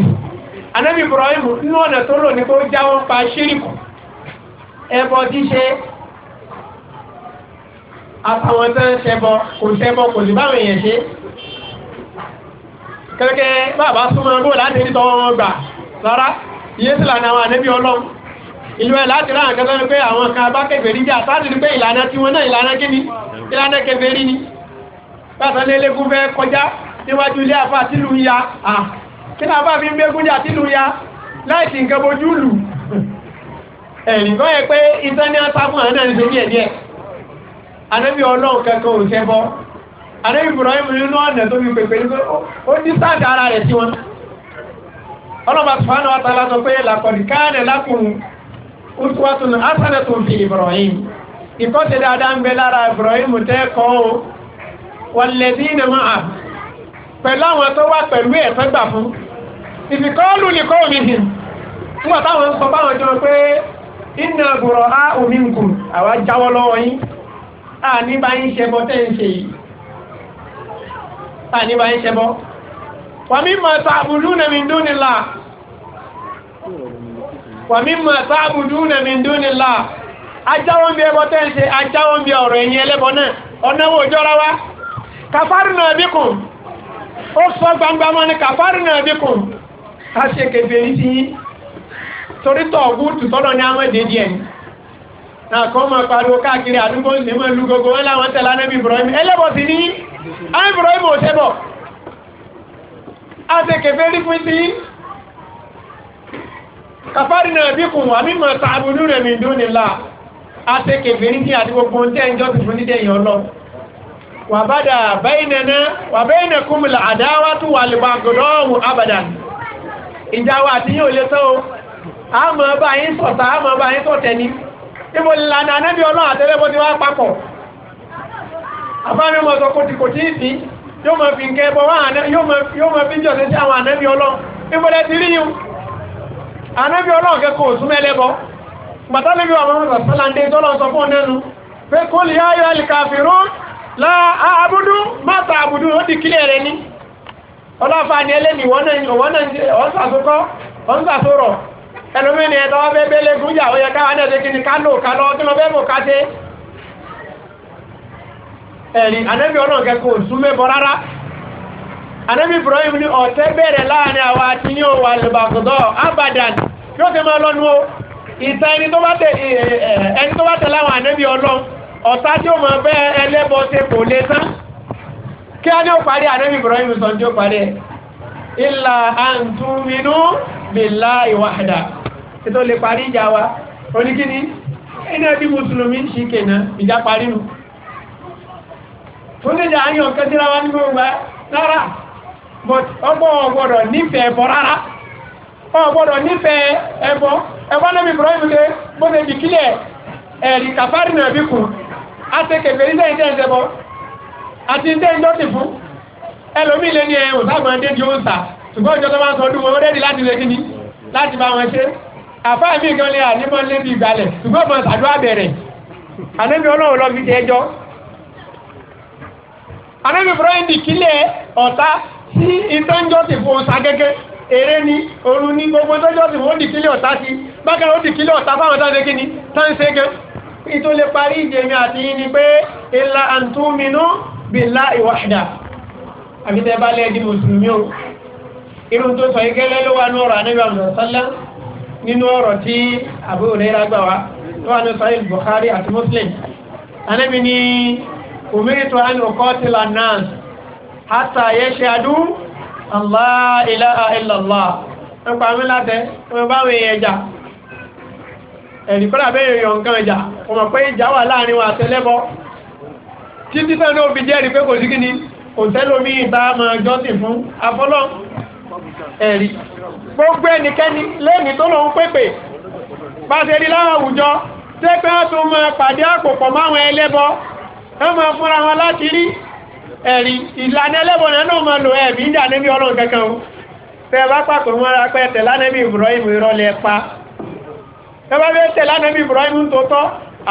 àtàwọn tó ń ṣẹbọ kò ṣẹbọ kò sì báwọn èèyàn ṣe kẹ̀kẹ́ bàbá súnmọ́ bó láti rí tọwọ́ wọn gbà rárá iye sì lànà àwọn ànẹ́bí ọlọ́run ìlú ẹ̀ láti rán àkẹ́kẹ́ lọ́nà pé àwọn kan bá kèfèrí jà sáàtì ní pé ìlànà tí wọ́n náà ìlànà kíni ìlànà kèfèrí ni pàtàkì lélẹ́gùn fẹ́ kọjá níwájú ilé àfà tìlú ya à kí náà bá fi ń gbégún jà tìlú ya láìsí nǹkan bojú lù ẹ̀rìn kọ́ yẹ pé ìtàn ní àtàkùn àná ìṣe díẹ̀díẹ̀ anábì ọlọ́run kankan ò ṣẹbọ anábì Ibrahim nínú ọ̀nà tó fi pèpè ní pé ó ní sáàdì ara rẹ̀ sí wọn àtàlà sọ pé làkọ̀dì lákùnrin fi Ibrahim ìkọ́sẹ̀ dáadáa ń bẹ lára Ibrahim tẹ́kọ̀ọ́ wàlẹ́dí ní máa pẹ̀lú àwọn tó wà pẹ̀lú ẹ̀fẹ́ gbà fún ìfikọ́ọ̀lù nìkọ́ omi hìn nígbà táwọn ń sọ báwọn jọ pé àwa jáwọ́ lọ́wọ́ yín àní bá ń ṣẹbọ tẹ́ ń ṣe yìí àní bá ń ṣẹbọ wa mimma ta'buduna min dunillah wa mimma ta'buduna min dunillah ajáwọn bí ẹbọ tẹ́ ń ṣe ajáwọn bí ọ̀rọ̀ ẹ̀yìn ẹlẹ́bọ náà ọ̀nàwó òjọ́ra wa kafarna bikum ó sọ gbangba mọ́ ní kafarna bikum ká ṣe kẹfẹ́ yìí torí tọ̀ ọ̀gùn tùtọ́nà ní amẹ́dẹ́díẹ̀ ni nàkọ́ máa pariwo káàkiri àdúgbò ní mọ̀ lu gbogbo wọn láwọn tẹ̀lé anábì Ibrahim ẹlẹ́bọ̀ sí ní anábì Ibrahim ò ṣẹbọ̀ àtẹkẹfẹ́ rí fún sí kàfárí náà bí kùn wà mímọ̀ tààbùdú rẹ̀ mi dún nílá àtẹkẹfẹ́ rí sí àti gbogbo ohun tẹ́ ń jọ́ tuntun nídẹ̀ yàn lọ. wàbádà bẹ́ẹ̀nẹ̀nà wàbẹ́ẹ̀nẹ̀ kúmùlà àdáwà tó wà lè bàgọ́dọ́ọ̀mù ni ibo ìlànà anábì ọlọ́run àtẹ́lẹ́bọ́ ti wá papọ̀ àbámi mọ̀ sọ kòtìkòtì ìsì yóò mọ̀ fi nkẹ́ bọ̀ yóò mọ̀ fi jọ̀sẹ̀ sí àwọn anábì ọlọ́run ibo lẹ ti rí yìí anábì ọlọ́run kẹ́kọ̀ọ́ òsùn mẹ́lẹ́bọ̀ bàtà níbi wà mọ́ sàlàndé tọ́lọ́ sọ fún la àbúdú mọ́ta àbúdú ó di kílẹ̀ rẹ ní ọlọ́fà ni ẹlẹ́mì wọ́n náà ń sàsókọ́ wọ́n ń sàsórọ̀ ẹlòmínì ẹ̀ tọ́wọ́ bẹ́ẹ̀ bẹ́ẹ̀ lẹ́gùn yà ó yẹ káwọn ẹ̀dẹ́ kí ni ká lò ká lọ kí lọ bẹ́ẹ̀ mọ̀ ká ṣe. ẹ̀rí ànábì ọ̀nà kẹ́kọ̀ọ́ òsú mẹ́bọ rárá ànábì Ibrahim ní ọ̀tẹ̀ bẹ̀rẹ̀ láàrin àwa àti ní òwò àlùbàkùdọ̀ abadan yóò ti máa lọ́nu o ìta ẹni tó bá tẹ ẹni ó máa lè tán billahi wahda ètò lè parí ìjà wa oníkíní iná bí mùsùlùmí ń ṣe náà ìjà parí nù fún ìjà ayọ̀ kẹsíra wa ní gbogbo rárá but ọgbọ́ ọgbọ́dọ̀ nífẹ̀ẹ́ rárá ọgbọ́dọ̀ nífẹ̀ẹ́ ẹbọ náà mi ẹ̀rí kàfárì náà bí kù ṣùgbọ́n ìjọba ń sọ ọdún wọn ó láti lè láti bá wọn àfáà mi gan lé ànímọ́ lébi ìgbàlẹ̀ ṣùgbọ́n mo ṣàdúrà bẹ̀rẹ̀ ànábi ọlọ́run lọ fi ṣe ẹjọ́ ànábi fúrẹ́ǹdì kílẹ̀ ọ̀tá sí ìtọ́jọ́ ti fún ọ̀sà gẹ́gẹ́ eré ni oru ní gbogbo tọ́jọ́ ti fún ó di kílẹ̀ sí bákan ó di kílẹ̀ fáwọn tó ń ṣe ni tó ń ṣe ìtò lè parí ìjẹ̀mí àti yín ni pé ilá àǹtúmínú billahi wahda àbí tẹ́ bá lẹ́ẹ̀dì mùsùlùmí o irun tó sọ ìgẹ́lẹ́ ló wà ní ọ̀rọ̀ àníbàmù sọ́lá nínú ọ̀rọ̀ tí Abu Hurairah gbà wá tó wà ní Sahih Bukhari àti Muslim anábì ní umirtu an uqatila an-nas hatta yashhadu Allah ilaha illallah nípa mi látẹ ọmọ báwọn èèyàn jà ẹ̀rì kọ́lá bẹ́ẹ̀ yọ nǹkan wa àtẹlẹ́bọ títí fẹ́ẹ́ ní òbí jẹ́rìí pé kò sí kíni kò ẹ̀rí gbogbo ẹnikẹ́ni lẹ́ni tó lòun pépè bá ṣe rí láwọn àwùjọ tẹ́ pé wọ́n tún máa pàdé àpòpọ̀ máwọn ẹlẹ́bọ wọ́n máa fúnra wọn láti rí ẹ̀rí ìlànà ẹlẹ́bọ náà máa lò ẹ̀bí ń dà ọlọ́run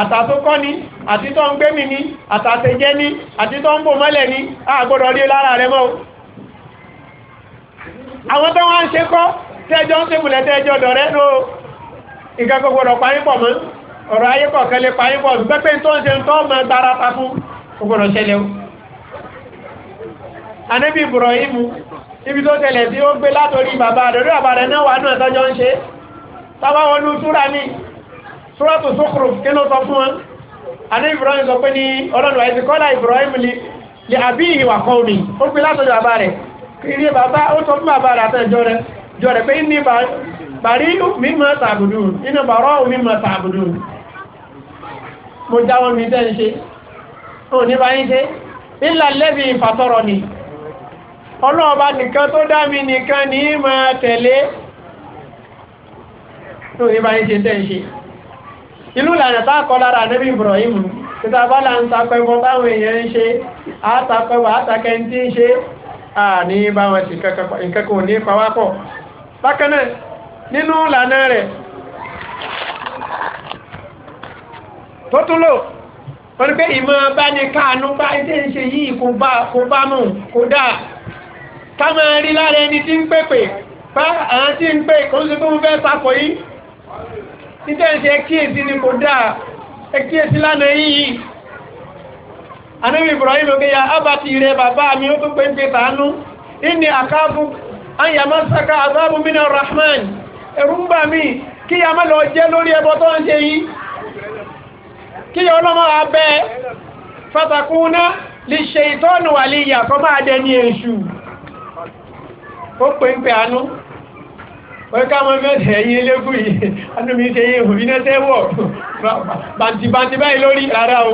kankan ni ni ni rí lára rẹ mọ́ àwọn tó wá ń ṣe kọ́ tẹ́jọ́ ń tẹ́bùlẹ̀ tẹ́jọ́ dọ̀rẹ́ ló nǹkan kò gbọdọ̀ parípọ̀ mọ́ ọ̀rọ̀ ayé kọ̀ọ̀kan lè parípọ̀ gbẹ́pẹ́ tó ń ṣe tó mọ́ gbára ta fún kò gbọdọ̀ ṣẹlẹ̀ o anábì Ibrahim ibi tó tẹ̀lẹ̀ tí ó gbé látòrí bàbá rẹ̀ lórí àbàrẹ̀ náà wà náà tọ́jọ́ ń ṣe tábáwọn ní túra ní Suratu Zukhruf kí ló sọ Ibrahim sọ pé ní ọlọ́run àìsíkọ́lá Ibrahim li ilé bàbá ó sọ fún bàbá rẹ̀ àtẹ́jọ́ rẹ̀ jọ rẹ̀ pé ní bàrí mímọ̀ tàbùdù inú bàrọ̀ mímọ̀ tàbùdù mo jáwọ́ mi tẹ́ ń ṣe ó ní bá yín ṣe ńlá lẹ́bi ìfàtọ́rọ̀ ni ọlọ́ọ̀bá nìkan tó dá mi nìkan ní máa tẹ̀lé tó ní bá yín ṣe tẹ́ ń ṣe ìlú lànà tá kọ́ lára nẹ́bí Ibrahim títà bá là ń takọ̀ a ní bá wọn sí nǹkankan ní pàwápọ̀ bákanáà nínú ìlànà rẹ̀ tó tún lò wọ́n ni pé ìmọ̀ bá ní káànú bá ṣe ń ṣe yìí kò bá kò bá mú kò dáa ká máa rí lára ẹni tí ń pèpè bá àwọn tí ń pè kò ń ṣe fún fẹ́ papọ̀ yìí nítorí ṣe kíyèsí ni kò dáa ẹ lánàá yìí anábì ibrahim oge ya abati rẹ bàbá mi ó tún pé ń pè tàánú inni akáfù anyamá saka azabu rahman ẹ̀rù ń bà mí kí ya má lọ jẹ́ lórí ẹbọ tó ń ṣe yìí kí ya ọlọ́mọ abẹ́ fatakuna lè ṣe ìtọ́nù àlìyà kọ́ máa dẹ ní èṣù ó pè ń pè àánú wọ́n ká mọ́ o.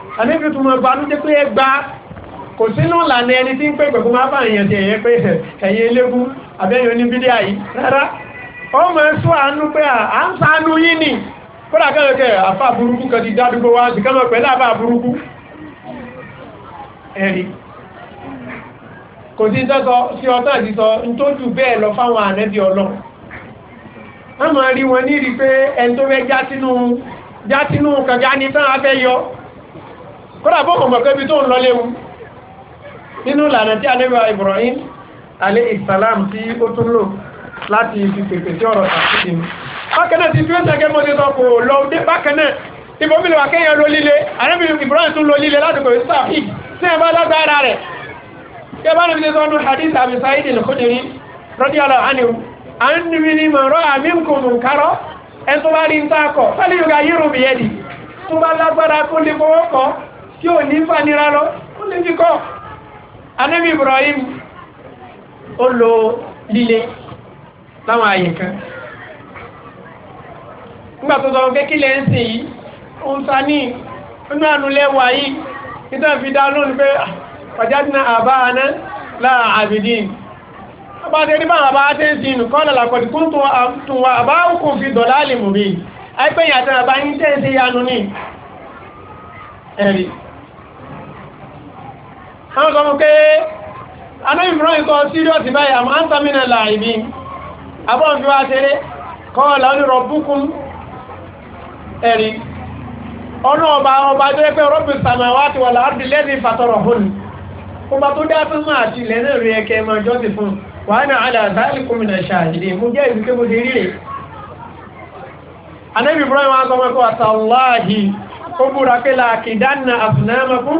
àníbi tó mọ̀ banújẹ́ pé ẹ gba kò sínú ìlànà ẹni tí ń pè pẹ̀kú máa bá èèyàn ti ẹ̀yẹ pé ẹ̀yẹ eléegun abẹ́yẹn oníbídíà yìí rárá ó mọ̀ ẹ́ sún àánú pé à ń sànú yín nì kódà kẹ́lẹ́kẹ́ àfa burúkú kan ti dádúgbò wá sí kẹ́mọ̀ pẹ̀lú àfa burúkú ẹ̀rí kò sí tọ́sọ sí ọtọ́ àti sọ ntójú bẹ́ẹ̀ lọ fáwọn ànẹ́bí ọlọ́run wọ́n máa rí wọn ní rí pé ẹni tó fẹ́ já sínú já sínú kànga ní tán á fẹ́ yọ kódà bókò mọ̀ pé bí tó ń lọ léwu nínú ìlànà tí Ànábì Ibrahim alẹ́ ìsàlám tí ó tún lò láti fi pèpè sí ọ̀rọ̀ tàbí bákanáà ti fi ó sàkẹ́ mọ́ sí tọkọ̀ lọ dé bákanáà ibòmílò wà Ibrahim tún lo líle láti kò sí àfi sí ẹ̀ bá lágbára rẹ̀ kí ẹ bá lọ́bi tó ń hadith Abi Sa'id al-Khudri radiyallahu anhu ànúmíní mọ̀rọ̀ àmínkùnmù kárọ̀ ẹ̀ tó bá rí ń tí ò ní fanira lọ ó lè fi kọ́ anábì Ibrahim ó lo líle láwọn àyè kan nígbà tó sọ pé kílẹ̀ ń sìn yìí ó ń ta ní inú àánú lẹ́wà yìí nítorí fi dá lónìí pé ọ̀jáde ah, náà àbá aná láà àbìdín abáde ní báwọn abá tẹ́ ń inú kọ́nà làkọ̀dì kún tún wa àbá òkun fi dọ̀lá àlè mùbí àìpẹ́yìn àtàràbá yín tẹ́ ń ṣe ní ẹ̀rí àwọn kan mú pé aná ìmúràn ikọ̀ sírìọ́sì báyìí àmọ́ ń tàmínà láàbí abọ́n fi wá ṣeré kọ́ lánìrọ̀ búkún ẹ̀rí ọ̀nà ọba ọba tó yẹ pé rọ́bì sàmàwá ti wà láàrín lẹ́sìn fàtọ̀rọ̀ hùn ọba tó dá tó máa ti lẹ́ náà rí ẹkẹ ẹmọ jọ́sì fún wàá náà aláàtàlì kùmìnà ṣàdìdì mú jẹ́ ìdíkẹ́ bó ti rí rèé anabi ibrahim wa sọ mẹ́kọ́ àtàláàhì ó búra pé láàkìdánà àfúnámẹ́kún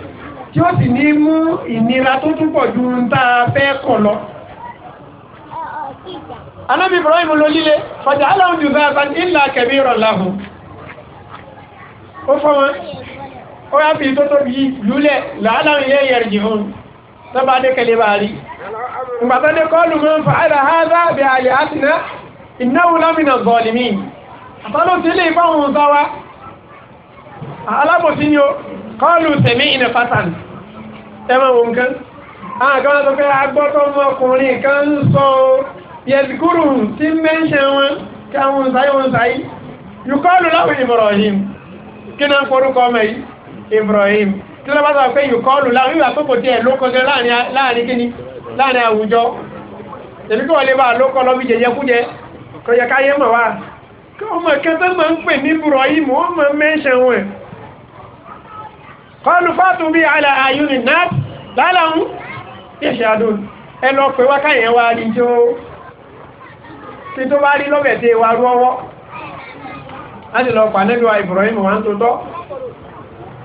tí ó sì ní mú ìnira tó túpọ̀ ju ń tá a fẹ́ kọ̀ lọ. anábì Ibrahim ló líle fàjà aláwọ̀ jù bá bá ńlá kẹ̀mí rọ̀ láhùn. ó fọ́ wọn ó yá fi tó tóbi lulẹ̀ làálàá yẹ yẹrì jìhùn tó bá dé bá rí. ìgbà dé kọ́ọ̀lù mọ́ fàálà hádà bí àyè àtìná ìnáwó lámìnà zọ̀ọ̀lì míì. àtọ́lọ́sí ilé ìfọ̀hún sáwá alábòsí ni ó kọ́ọ̀lù tèmi ìnà fatan ẹ máa wọ nǹkan a kan kan sọ yẹ̀dùkúrù tí mẹ́ṣẹ̀ wọn kí àwọn wọn Ibrahim kí náà forúkọ ọmọ yìí Ibrahim tí wọ́n bá sọ pé yùkọ́ọ̀lù láwọn ìgbà tó kò láàrin kíni láàrin àwùjọ kí lè bá kọjá káyé kọlu fàtún bí àlà àyúni náà lálàún ìṣàdùn ẹlọ pé wákàyẹ̀ wá rí tí ó tí tó bá rí lọ́bẹ̀ tí wà rú ọwọ́ láti lọ pà nẹ́bí wa Ibrahim wà ń tó tọ́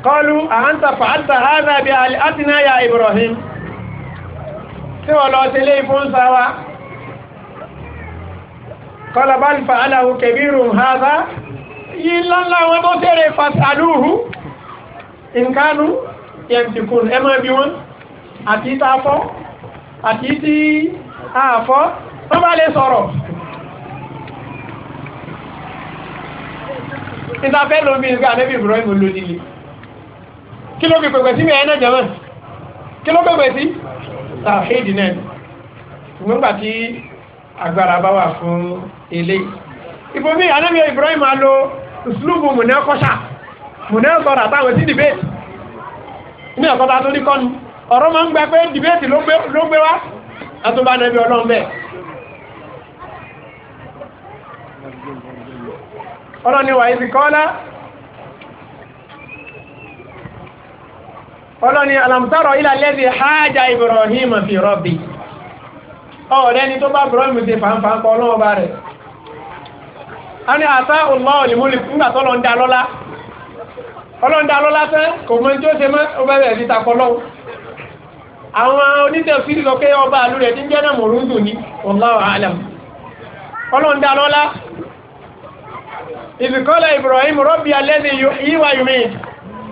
kọlu àhántà fàátà hádà bí àtìnáyà Ibrahim tí wọ́n lọ sílé ìfúnsa wa kọlọ̀bá fàálà kẹbírùn hádà yìí lọ́nà wọn tó tẹ́rẹ fàtàlúhù ìǹkanu yẹmtìkùn ẹ máa bí wọn àti tá a fọ́ àti tí a fọ́ wọ́n bá lè sọ̀rọ̀ ìtafẹ́ lómi nígbà nẹ́bí Ibrahim olódìlé kí ló fi pẹ̀pẹ̀ sí mi ẹ̀ náà jẹ́mọ̀ kí ló pẹ̀pẹ̀ sí tàhídì náà nígbà tí agbára bá wà fún ilé ìbomi ànábì Ibrahim alo ìsúlùbù mùnẹ́kọ́ṣà mùnẹ́sọ̀rọ̀ àtàwọn tí dìbẹ́tì ní ọ̀kọ́ ta tó ní kọ́nu ọ̀rọ̀ máa ń gbà pé dìbẹ́tì ló gbé wá àtúbà nẹ́bí ọlọ́run bẹ́ẹ̀ ọlọ́ni wà ibi kọ́lá ọlọ́ni alamtaro ilà lẹ́bí hajjá Ibrahim fi rọ́bì ọ̀rẹ́ ni tó bá Ibrahim ti fàǹfàǹkọ́ ọlọ́ọ̀bá rẹ̀ a ní àtà ọlọ́ọ̀lì múlì fúngbàtọ́lọ́ ń dá lọ́lá ọlọ́ndà lọ lásán kò mọ tí ó ṣe mọ́ ó lọ́wọ́ àwọn sọ pé ọba àlú rẹ̀ ti ń jẹ́nà mòrúndùn ní wallahu a'lam Ibrahim rọ́bì alẹ́ni yíwa yùmí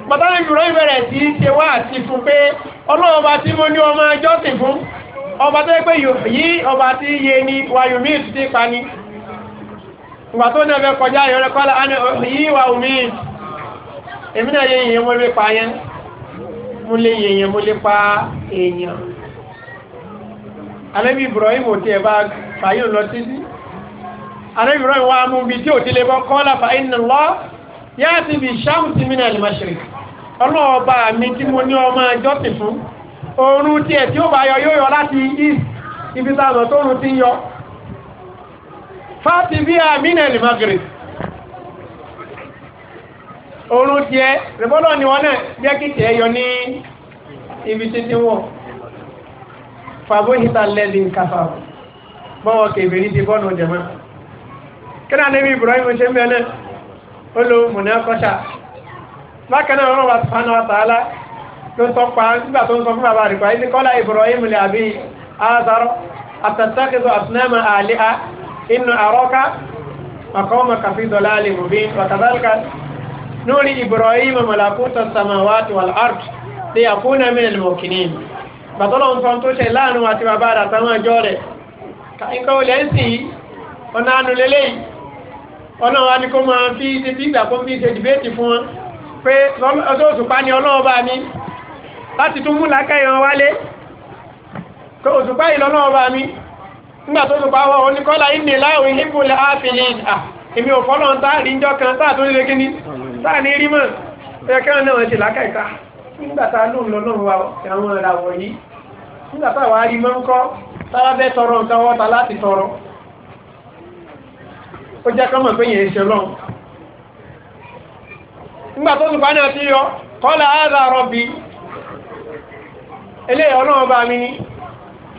pàtàkì Ibrahim bẹ̀rẹ̀ sí ṣe wá àti fún pé ọlọ́ọba tí mo ní ọmọ fún ọba tó pé yí ọba tí yé ni ti pa ìgbà tó ní ọbẹ̀ kọjá èmi náà lè yẹn mo lè pa yẹn mo lè yẹn yẹn mo lè pa èèyàn alẹ́bí Ibrahim ò tiẹ̀ bá fàyè lọ títí alẹ́bí Ibrahim wà á mú bi tí ò ti lè bọ́ kọ́ láfa iná lọ yá ti bi shamsi mina al-mashriq ọlọ́ọ̀ba mi tí mo ní ọmọ ẹjọ́ ti fún oorun tiẹ̀ tí ó bá yọ yóò yọ láti east ibi táwọn tó oorun ti yọ fati bíi amina al-maghrib oorun tiẹ̀ rẹ̀bọ́lọ̀ ni wọ́n náà jẹ́ kí tiẹ̀ yọ ní ibi títí wọ̀ fàbóhìtà lẹ́dí kàfà bọ́wọ́ kèbèrè ti bọ́ọ̀nù jẹ̀mọ́ kí níbi Ibrahim ṣe ń bẹ náà ó lo mùnàkọ́ṣà bákan náà wọ́n wà sùpánà wàtàlá ló tọ́pa nígbà tó ń sọ fún bàbá rẹ̀ pa ibi kọ́lá Ibrahim lè àbí azarọ́ àtàtàkìzọ àtúnámà àlẹ́ inú àrọ́ká àkọ́wọ́mà kàfíìdọ̀lá lè mùbí wàkàtàlá نور إبراهيم ملكوت السماوات والأرض ليكون من الموقنين bàtọ́lọ̀ ń fọ́n tó ṣe láàánú àti bàbá rẹ̀ àtàwọn ẹjọ́ rẹ̀ nǹkan olè ń sì ọ̀nà ànulélẹ̀ yìí ọ̀nà wa ni kó máa fi ṣe bí ìgbà kó ń fi ṣe dìbéètì fún wọn pé ọjọ́ òṣùpá ni ọlọ́wọ́ bá mi láti tún mú lákẹ́yàn wálé pé òṣùpá yìí lọ́lọ́wọ́ bá mi nígbà tó òṣùpá wọ oníkọ́lá ìnìláwìn ìbùlẹ̀ àfihàn èmi ò fọ́lọ́ sáà ní rí mọ̀ ẹ̀kẹ́ wọn náà ti lákàìká nígbàtà lóun lọ lọ́run wa àwọn ìràwọ̀ yìí nígbàtà wà á rí mọ́ ń kọ́ táwa bẹ́ tọrọ nǹkan wọ́ta láti tọrọ ó jẹ́ kọ́mọ̀ pé yẹn ṣe lọ́run nígbà tó tún fánà ti yọ kọ́lá áàdà rọ̀bì eléyìí ọlọ́run bá mi ní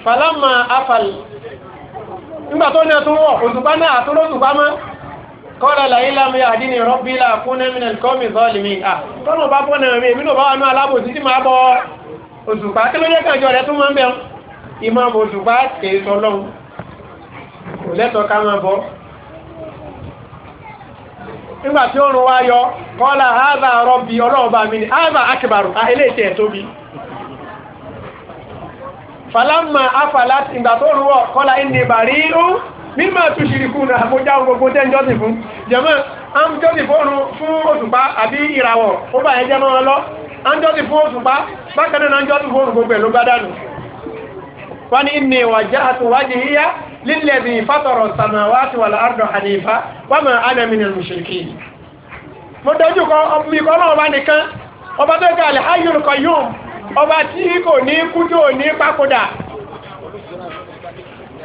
fàlámà afàl nígbà tó ní ẹ̀ tó wọ̀ òtùpá náà àtúrò òtùpá mọ́ kọ́lá làyín lámì àdínì rọ́bí làkún nẹ́mìnà kọ́mì zọ́ọ̀lìmí à tọ́nà bá fọ́nà rẹ̀ èmi náà bá wà ní alábò títí máa bọ́ òṣùpá kí ló lẹ́kàn jọ rẹ̀ tún máa ń bẹ̀rù ìmọ̀ òṣùpá kìí sọ lọ́hùn kò lẹ́tọ̀ọ́ ó rún wá yọ kọ́lá háàbà rọ́bí ọlọ́ọ̀bá mi ni háàbà akẹ́bàrù ah, eléyìí tẹ̀ tóbi. fàlámà afàlá ìgbà tó rún wọ̀ kọ́lá ìnìbàrí ó mímọ̀ tún ṣìrìkú náà mo já gbogbo tẹ́ ń jọ́sìn fún jẹ́mọ́ àmjọ́sìn fóònù fún òṣùpá àbí ìràwọ̀ ó bá ẹjẹ́ mọ́ lọ àmjọ́sìn fún òṣùpá bákanáà náà jọ́sìn fóònù gbogbo ẹ̀ ló gbádànù wọ́n ní ní ìwàjá àtúwájì yíyá lílẹ̀ ní fátọ̀rọ̀ sàmàwátì wà láàrùn ànífà wọ́n mọ̀ ánàmìnà mùṣìrìkì mo dojú kọ mi kọ́ náà ọba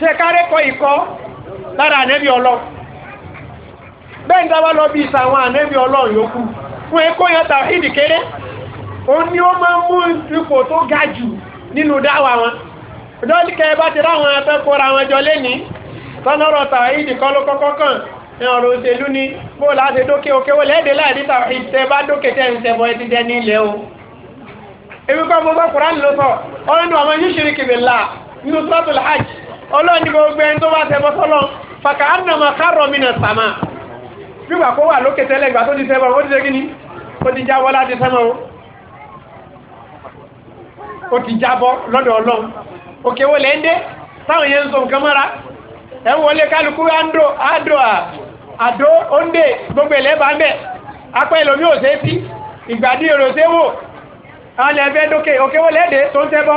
sẹ̀kárẹ́ kọ ikọ lára ànẹ́bí ọlọ́run bẹ́ẹ̀ ń lọ bí i sàwọn ànẹ́bí ọlọ yòókù fún ẹkọ́ yẹn tawhid kéré ó ní ó máa ń mú ipò tó ga jù nínú dáwà wọn ìdọ́síkẹ́ bá ti ráwọn wọn jọ lénìí tọ́nọ́rọ̀ kọ́kọ́ kàn òṣèlú ni bó dókè bá dókè tẹ́ ń ọlọ́run ní gbogbo ẹni tó bá ṣẹbọ sọ́lọ́ fàkà ánàmà kárọ̀ mìnà sàmà gbígbà kó wà lókè tẹ́lẹ̀ ìgbà tó ti ṣẹbọ ó ti ṣe kíni ó ti jábọ́ láti sánmà o ó ti jábọ́ lọ́dọ̀ ọlọ́run òkè wo lẹ́ ń dé táwọn yẹn ń sọ nǹkan mọ́ra ẹ̀ ń wọlé kálukú àndó àdó àdó òǹdè gbogbo ẹ̀lẹ́ bá ń bẹ̀ apẹ́ ìlòmí ò ṣe é sí ìgbàdí èrò ṣe wò àwọn ẹ̀fẹ́ dókè òkè wo lẹ́ẹ̀dẹ́ tó ń ṣẹbọ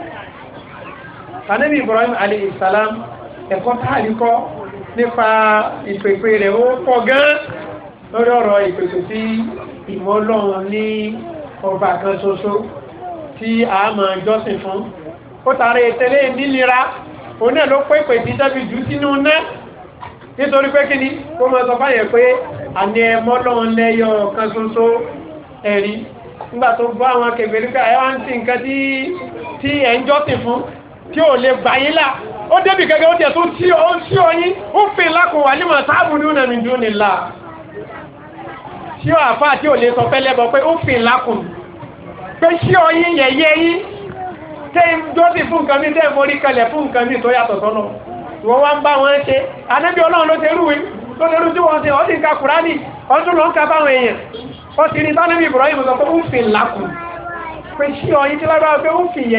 sanabi ibrahim alayhi salam ẹ̀kọ́ táàrí kọ́ nípa ìpèpè rẹ̀ ó pọ̀ gan lórí ọ̀rọ̀ ìpèpè sí ìmọ̀ ọlọ́run ní ọba kan ṣoṣo tí a máa jọ́sìn fún ó tààrẹ ìtẹ́lẹ̀ nílira òun náà ló pèpè tí tẹ́bi jù sínú náà nítorí pé kí ni kó máa sọ fáyẹ̀ pé àní ẹmọ́ lọ́wọ́n lẹ́yọ kan ṣoṣo ẹ̀rí nígbà tó bá àwọn akẹgbẹ̀rí pé àyẹ́wà ń tí nǹkan tí ẹ̀ ń jọ́sìn fún tí ò lè gbà yín là ó débì gẹ́gẹ́ ó tiẹ̀ tó tí ó ń tí ọyín ó fi lákò wà ní màtáàbù ní ọ̀nà ìdúró ní là tí ó àfa tí ò lè sọ pé lẹ́bọ̀ pé ó fi lákò pé tí ọyín yẹ̀yẹ́ yín tẹ́ ń dọ́sì fún nǹkan mi tẹ́ ń forí kalẹ̀ fún nǹkan mi tó yàtọ̀ sọ́nà wọ́n wá ń bá wọn ṣe anábì ọlọ́run ló ṣe rú wí tó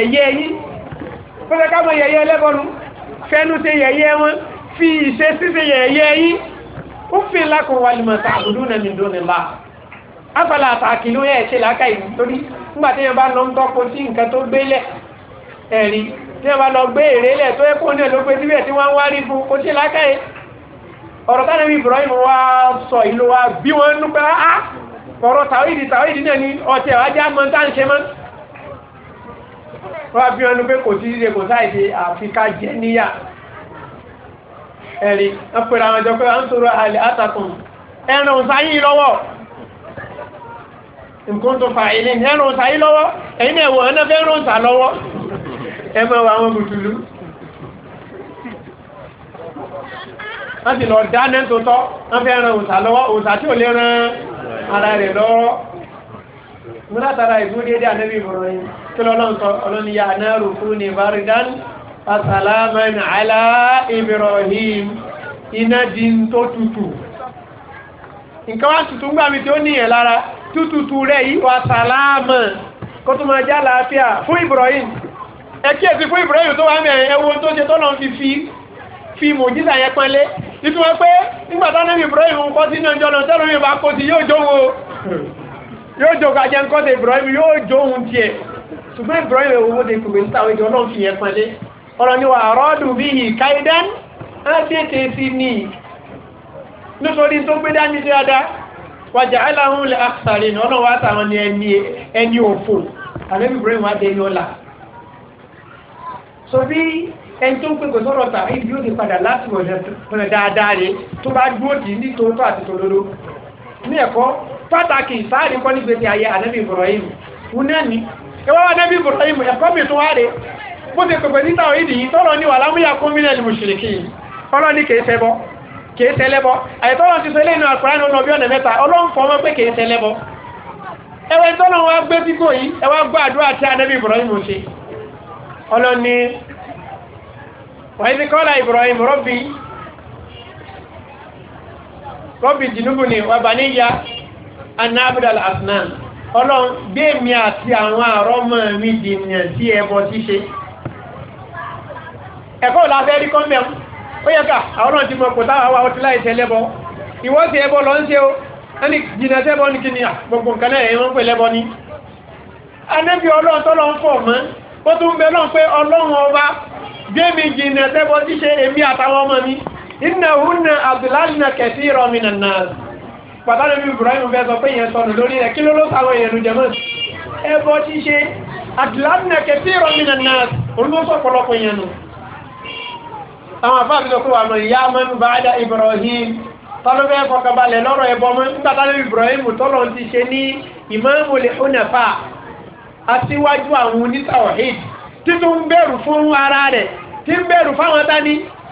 ṣe fẹ́fẹ́ ká mọ yẹ̀yẹ́ ẹlẹ́bọ̀nù fẹ́nu ṣe yẹ̀yẹ́ wọn fi ìṣe ṣíṣe yẹ̀yẹ́ yín ó fi lákùn wà lùmọ̀ tààbùdù nà mí dùn nílá afala àtàkìlú ẹ̀ ṣe làákà ìlú torí nígbà tí yẹn bá lọ ń tọ́kọ sí nǹkan tó gbélé ẹ̀rí tí yẹn bá lọ gbé èrè lẹ̀ tó ẹ̀kọ́ ní ọ̀lọ́gbé síbẹ̀ tí wọ́n wá rí fún kó ṣe làákà yẹn ọ̀rọ̀ táwọn ẹbí Ibrahim wá sọ ìlú wa bí wọ́n ń pẹ́ á ah, ọ̀rọ̀ tàwídìí tàwídìí náà ni ọ̀tẹ̀ wájú àmọ́ tá wọ́n á bí wọn pé kò sí ṣe kò sáì ṣe àfikà jẹ níyà ẹ̀rí wọ́n pèrè àwọn ìjọ pé à ń sọ̀rọ̀ àlẹ́ àtàkùn ẹran òsáyí lọ́wọ́ nǹkan tó fa ilé ní ẹran òsáyí lọ́wọ́ ẹ̀yìn ẹ̀wọ̀ ẹ̀nà fẹ́ ẹran òsà lọ́wọ́ ẹ látara ìgbó déédéé ànẹ́bí ìbọ̀rọ̀ yìí kí lọ́lọ́run sọ ọlọ́ni yà náírù fún ní baridan asalaman ala Ibrahim iná di ń tó tutù nǹkan wá tutù ń gbà mí tí ó níyàn lára tútùtù rẹ̀ yìí wà sàlámà kó tó máa já làáfíà fún Ibrahim ẹ kíyèsí fún Ibrahim tó wà mẹ́rin ẹ wo tó ṣe tọ́lọ́ fi fi fi mòjísà yẹn pọ́nlé ìtumọ̀ pé nígbà Ibrahim ń kọ́ sí yóò jó wo yóò jó kájẹ́ sí yóò jó ṣùgbọ́n Ibrahim owó de kùmí níta àwọn ìjọ náà fi yẹn pẹ́lẹ́ ọ̀rọ̀ ni wà rọ́ọ̀dù bí i káìdán á ní nítorí tó gbé dání sí ada wàjà aláhùn lè àkàrẹ̀ ní ọ̀nà wàá tàwọn ní ẹni òfò àlẹ́ Ibrahim wàá dẹni ọ̀la so bí ẹni tó ń pè kò sọ̀rọ̀ tà ibi yóò ti padà láti ọ̀nà dáadáa rẹ̀ tó bá dúró tì ní Ibrahim wúnẹ́ni ìwọ́n wá nẹ́bí Ibrahim ẹ̀kọ́ mi tún wá rè bó ti pèpè níta òyìnbí yìí tọ́lọ ní wà lámúyà kún mílẹ̀ ní mùsùlùkì ọlọ́ni kìí ṣẹbọ kìí ṣẹlẹ́bọ àyètọ́lọ́ ti sọ ilé inú àkùránì ọ̀nà bí ọ̀nà mẹ́ta ọlọ́run fọmọ pé kìí ṣẹlẹ́bọ ẹwẹ́ tọ́lọ́ wa gbé fígò yìí ẹ wá gbọ́ àdúrà tí anẹ́bí Ibrahim ṣe ọlọ́ni wàyí kọ́lá Ibrahim rọ́bì rọ́bì jìnnúbù ni wàbàníyà anábìdàl asnan ọlọ́run gbẹ̀mí àti àwọn àrọ́mọ mi dìnnà sí ẹbọ ṣíṣe ẹ̀kọ́ la fẹ́ rí kọ́mẹ̀ ó yẹ ká àwọn náà ti mọ̀ pọ̀ táwọn àwọn ọtílá ìṣẹ́ lẹ́bọ ìwọ́ sí ẹbọ lọ ń ṣe o ẹni jìnà sẹ́bọ ní kíni gbogbo nǹkan náà ẹ̀yìn wọ́n pè lẹ́bọ ní. anẹ́bí ọlọ́run tọ́lọ́ ń fọ̀ mọ́ ó tún bẹ lọ́n pé ọlọ́run ọba gbé mi jìnà sẹ́bọ ṣíṣe èmi àtàwọn ọmọ mi ìnáwó náà àbùlá bàbáre bí Ibrahim bẹ́ẹ̀ sọ pé ìyẹn sọnù lórí rẹ̀ kí ló ló sáwọn èèyàn lùjẹ̀ mọ́ ẹbọ ṣíṣe àdìlánà kẹfì ìrọ̀mìnà náà olóòsọ ọ̀pọ̀lọpọ̀ èèyàn nù àwọn àfáàbí sọ pé wà mọ̀ ìyá mẹ́nu bá dá Ibrahim tọ́lọ́fẹ́ fọkànbalẹ̀ lọ́rọ̀ ẹbọ mọ́ nígbàtàlẹ́ Ibrahim tọ́lọ̀ ti ṣe ní ìmáàmù lè húnẹ̀fà aṣíwájú àwọn onítàwọ̀hìd títún bẹ̀rù fún ara rẹ̀ tí ń bẹ̀rù fáwọn tání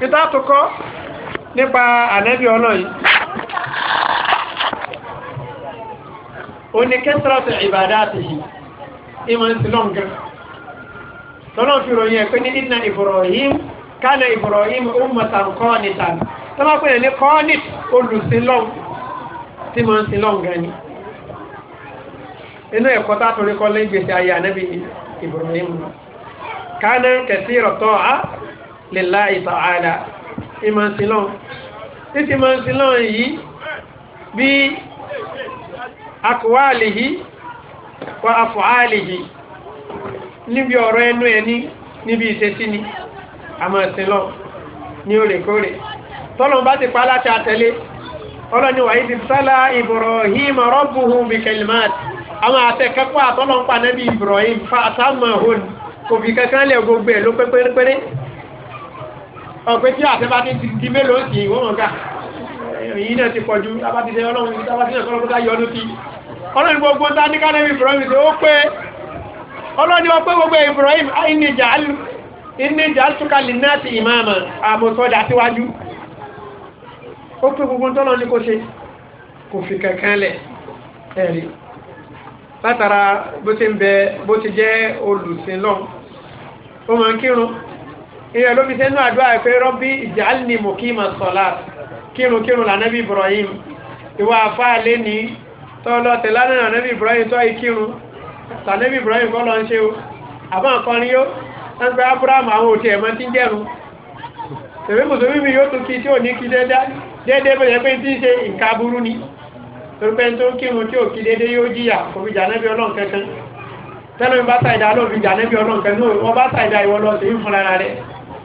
ìta tó kọ́ nípa ànábì ọlọ́yìn òní kẹsàrọ̀tì ìbàdá àti yìí ìmọ̀ ń sílọ̀ nǹkan lọ́nà fi ròyìn ẹ̀pẹ́ ní inna Ibrahim kana Ibrahim ummatan qanitan tọ́lá pé ní kọ́ọ̀nì olùsílọ̀ tí mọ̀ ń sílọ̀ nǹkan ni inú ẹ̀kọ́ tátorí kọ́ lẹ́gbẹ̀ẹ́sì ayé Ibrahim kana kẹsìrọ̀tọ̀ á lillahi ta'ala ìmọ̀sílọ́n títí mọ̀sílọ́n yìí bí akọwàlìhì wa afọ̀álìhì níbi ọ̀rọ̀ ẹnu ẹni níbi ìṣesí ni àmọ̀sílọ́n ní òrèkóòrè tọ́lọ̀ bá ti pa láti àtẹ̀lé ọlọ́ni wàyí ti sálà Ibrahim rabbuhu bi kalimat àwọn àtẹ̀kẹ́kọ̀ọ́ àtọ́lọ́ ń pa náà bí Ibrahim fa àtàmà hòn kò fi kankan lẹ̀ ẹ̀ ló pẹ́pẹ́rẹ́pẹ́rẹ́ ọ̀pẹ́ tí àtẹ́bá ní ti di mélòó sí ìwọ́n mọ̀ ká èyí náà ti pọ̀jù tábàtìdẹ ọlọ́run tábàtìdẹ ọlọ́run tá yọnu ti ọlọ́run gbogbo tá ní kálẹ̀ Ibrahim ó pé ọlọ́run wọ́n pé gbogbo Ibrahim ìníjà alùsùkàlì náà ti ìmáàmà àbòsọ́dà síwájú ó pé gbogbo tọ́lọ́ ní kò ṣe kò fi kankan lẹ̀ ẹ̀rí látara bó ti jẹ́ olùsìn lọ́n ó máa ń kírun ìyẹn ló fi sẹ́nu àdúrà pé rọ́bí ìjàlni mùkímà sọ̀lá kírunkírun lànàbí Ibrahim ìwà àfáà lé ní tọ́lọ́tẹ̀ lánàá lànàbí Ibrahim tọ́ ìkírun lànàbí Ibrahim kọ́ lọ ń ṣe o àbá nǹkan ni yóò ń pẹ́ Abraham àwọn òtí ẹ̀mọ́ ti ń jẹ́rùn tẹ̀wé mùsùlùmí mi yóò tún kí tí ò ní kí déédéé bẹ̀rẹ̀ pé tí ni torí pé tó ń kírun tí ò kí déédéé yóò jìyà kò fi jànẹ́bí Ọlọ́run kankan tẹ́lẹ̀ mi bá tàìdá ló fi jànẹ́bí Ọlọ́run kankan wọ́n tàìdá ìwọ ìfúnra rẹ̀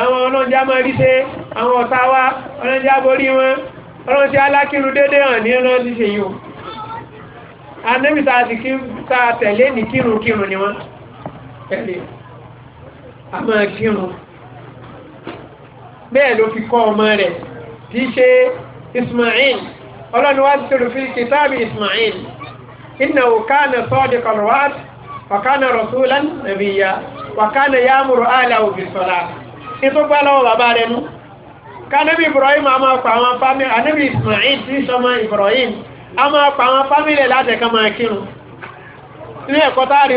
àwọn ọlọ́njá máa rí ṣe àwọn ọ̀tá wa ọlọ́njá borí wọn ọlọ́njá alákìrú dédé hàn ní ọlọ́n ti ṣe yìí o anẹ́bí ta tẹ̀lé ní kírun kírun ni wọ́n tẹ̀lé a máa kírun bẹ́ẹ̀ ló fi kọ́ ọmọ rẹ̀ tí í ṣe Ismail ọlọ́run wá ti rúfi kìtàbí Ismail innahu kana sadiqal wa'd wa kana rasulan nabiyya wa kana ya'muru ahlahu bis ètò gbá lọ́wọ́ bàbá rẹ̀ nú kánẹ́bí Ibrahim a máa pa àwọn fámílì anẹ́bí Ismail tí sọmọ Ibrahim a máa pa àwọn fámílì látẹ̀kọ́ máa kírun ilé ẹ̀kọ́ tá a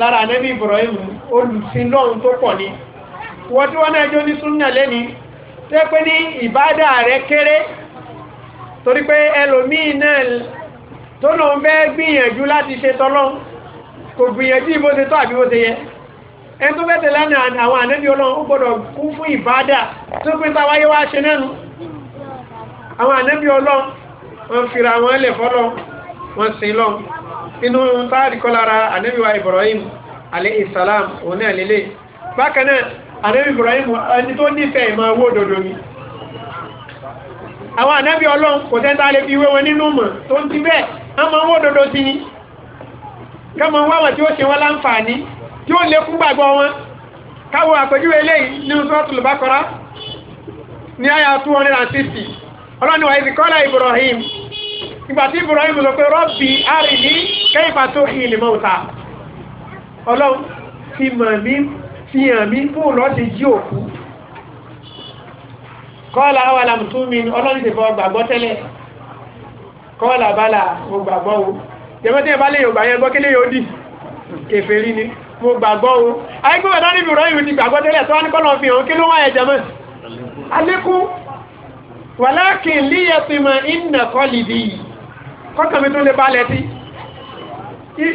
lára anẹ́bí Ibrahim olùsílọ́hun tó pọ̀ ní wọ́n tí wọ́n náà jó ní súnnà lẹ́ni tó pé ní ìbádà rẹ̀ kéré torí pé ẹlòmíì náà tó náà ẹni tó fẹ́ tẹ̀lé àwọn ànẹ́bí ọlọ́run ó gbọ́dọ̀ kún fún ìbádà tó pín táwáyé wá ṣe nẹ́nu àwọn ànẹ́bí ọlọ́run wọ́n fira wọn lẹ̀ fọ́lọ́ wọ́n sin lọ inú táàrí ànẹ́bí wa Ibrahim alẹ́ ìsàlám òun náà ànẹ́bí Ibrahim ẹni tó nífẹ̀ẹ́ ìmọ̀ owó ni àwọn ànẹ́bí ọlọ́run kò tí ó lè fún gbàgbọ́ wọn káwọn àpèjúwe eléyìí nínú Suratul Baqara ní àyà two hundred and sixty ọlọ́ni wa ìsìkọ́lá Ibrahim ìgbà tí Ibrahim sọ pé Rabbi arini kayfa tuhyil mauta ọlọ́run fi mọ̀ mí fi hàn mí fún ọlọ́ọ̀tì jí òkú kọ́ọ̀lá awàlà mùtúmi ọlọ́run ti fọ gbàgbọ́ tẹ́lẹ̀ kọ́ọ̀lá bàlà mo gbàgbọ́ o jẹ́mọ́tẹ́ bá ni mo gbàgbọ́ o àyíkú bàtà níbi ìrọ̀ ìwé ti gbàgbọ́ tẹ́lẹ̀ tó wá ní kọ́nà fi hàn kí ló wá ẹ̀jẹ̀ mọ́ alékún wàlákin líyẹ̀ fi mọ ìnà kọ́lì bí i kọ́kàn mi tó lè balẹ̀ sí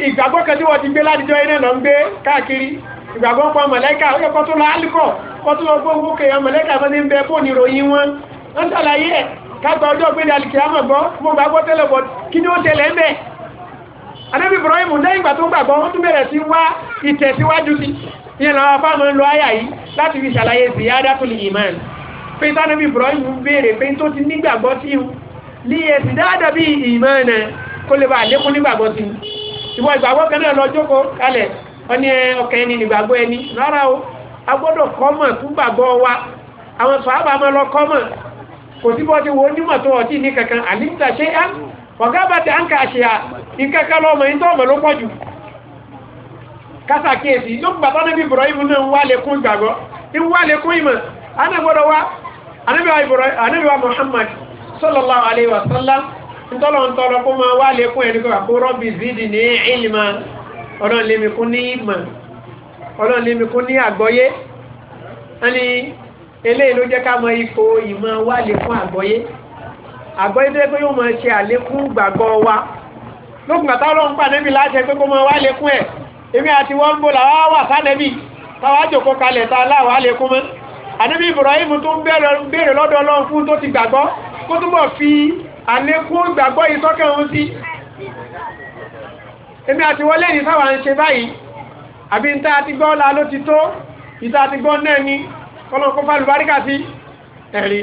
ìgbàgbọ́ kan tí wọ́n ti gbé ládìjọ́ iná lọ ń gbé káàkiri ìgbàgbọ́ pọ̀ mọ̀lẹ́kà ó yẹ kó tó lọ álùkọ̀ kó tó lọ gbóngbó kèèyàn mọ̀lẹ́kà fẹ́ ní ń bẹ fóònù ìròyìn wọn wọ́n ṣàlàyé ẹ̀ kágbà ọjọ́ gbé ní alìkìyàmọ̀ gbọ́ mo gbàgbọ́ tẹ́lẹ̀ bọ̀ kí ni ó tẹ̀lẹ̀ ń bẹ̀ anábì Ibrahim lẹ́yìn ìgbà tó gbàgbọ́ ó tún bẹ̀rẹ̀ sí wá ìtẹ̀síwájú sí ìyẹn làwọn afáàmọ́ ń lo àyà yìí láti fi ṣàlàyé ziyadatul iman pé tánàbí Ibrahim béèrè pé tó ti nígbàgbọ́ sí i ní ẹ̀sìn dáadáa bí iman náà kó lè bá àlékún nígbàgbọ́ sí i ìwọ ìgbàgbọ́ kan náà lọ jókòó kalẹ̀ wọ́n ní wa àwọn sàhábà máa lọ kọ́mọ̀ kò sí bọ́ ti wo onímọ̀ tó ọ̀gá bá anka à ń kà ṣe à nǹkan kan lọ́mọ yìí ọmọ ló pọ̀ jù kásà kéèsì ló gbà tọ́ níbi Ibrahim náà ana wá wa ìgbàgbọ́ ń wá Muhammad sallallahu alayhi wa sallam ntọ́lọ̀ ntọ́lọ̀ kó máa wá lékún ẹni kọ́kà kó ele àgbọ́yé pé yóò máa ṣe àlékún gbàgbọ́ wa lókùn àtà ọlọ́run pà nẹ́bí láṣẹ pé kó máa wá lékún ẹ̀ èmi àti wọ́n ń bò làwa wà sánẹ́bí táwa jòkó kalẹ̀ tá láwa lékún mọ́ ànẹ́bí Ibrahim tó ń béèrè lọ́dọ̀ ọlọ́run fún tó ti gbàgbọ́ kó túbọ̀ fi àlékún gbàgbọ́ yìí sọ́kẹ́ òun sí èmi àti wọ́n lẹ́yìn sáwà ń ṣe báyìí àbí níta àti gbọ́ ọ̀la ló ti tó ìta àti gbọ́ náà ni kọ́lọ́n kó fàlùbáríkà sí ẹ̀rí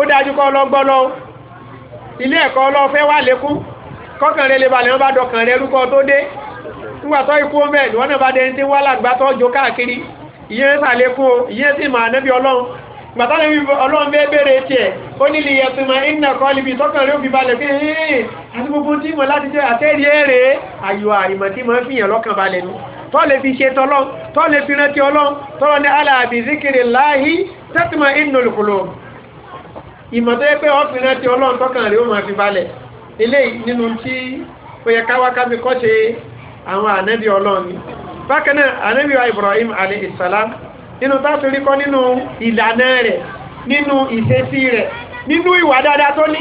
ó dájú kọ́ lọ ilé ẹ̀kọ́ ọlọ́fẹ́ wà lékún kọ́kànrẹ́ lè balẹ̀ wọ́n bá dọkànrẹ́ rúkọ tó dé nígbàtọ́ ikú ọmọ ẹ̀ wọ́n náà bá dẹni tí wà lágbàtọ́ jó káàkiri ìyẹn sàlékún o ìyẹn sì máa nẹ́bí ọlọ́run gbàtọ́ lè ọlọ́run bẹ́ẹ̀ bẹ̀rẹ̀ tiẹ̀ ó ní lè yẹtù máa ń nàkọ́ libi tọkànrẹ́ òbí balẹ̀ pé ee àti gbogbo tí mo láti jẹ́ àtẹ́rí àìmọ̀ tí mo ń lọ́kàn balẹ̀ fi ṣe tọ́ lè fi rántí ọlọ́run tọ́lọ́ ní láàhí tẹ́tùmọ̀ ìmọ̀tọ́ yẹ pé ọ̀fìn náà ti ọlọ́run tọ́kàn rẹ̀ ó máa fi balẹ̀ eléyìí nínú tí ó yẹ káwákábí kọ́ ṣe àwọn ànábì ọlọ́run ni bákan náà ànábì wa Ibrahim alayhi salam nínú tátorí kọ́ nínú ìlànà rẹ̀ nínú ìṣesí rẹ̀ nínú ìwà dáadáa tó ní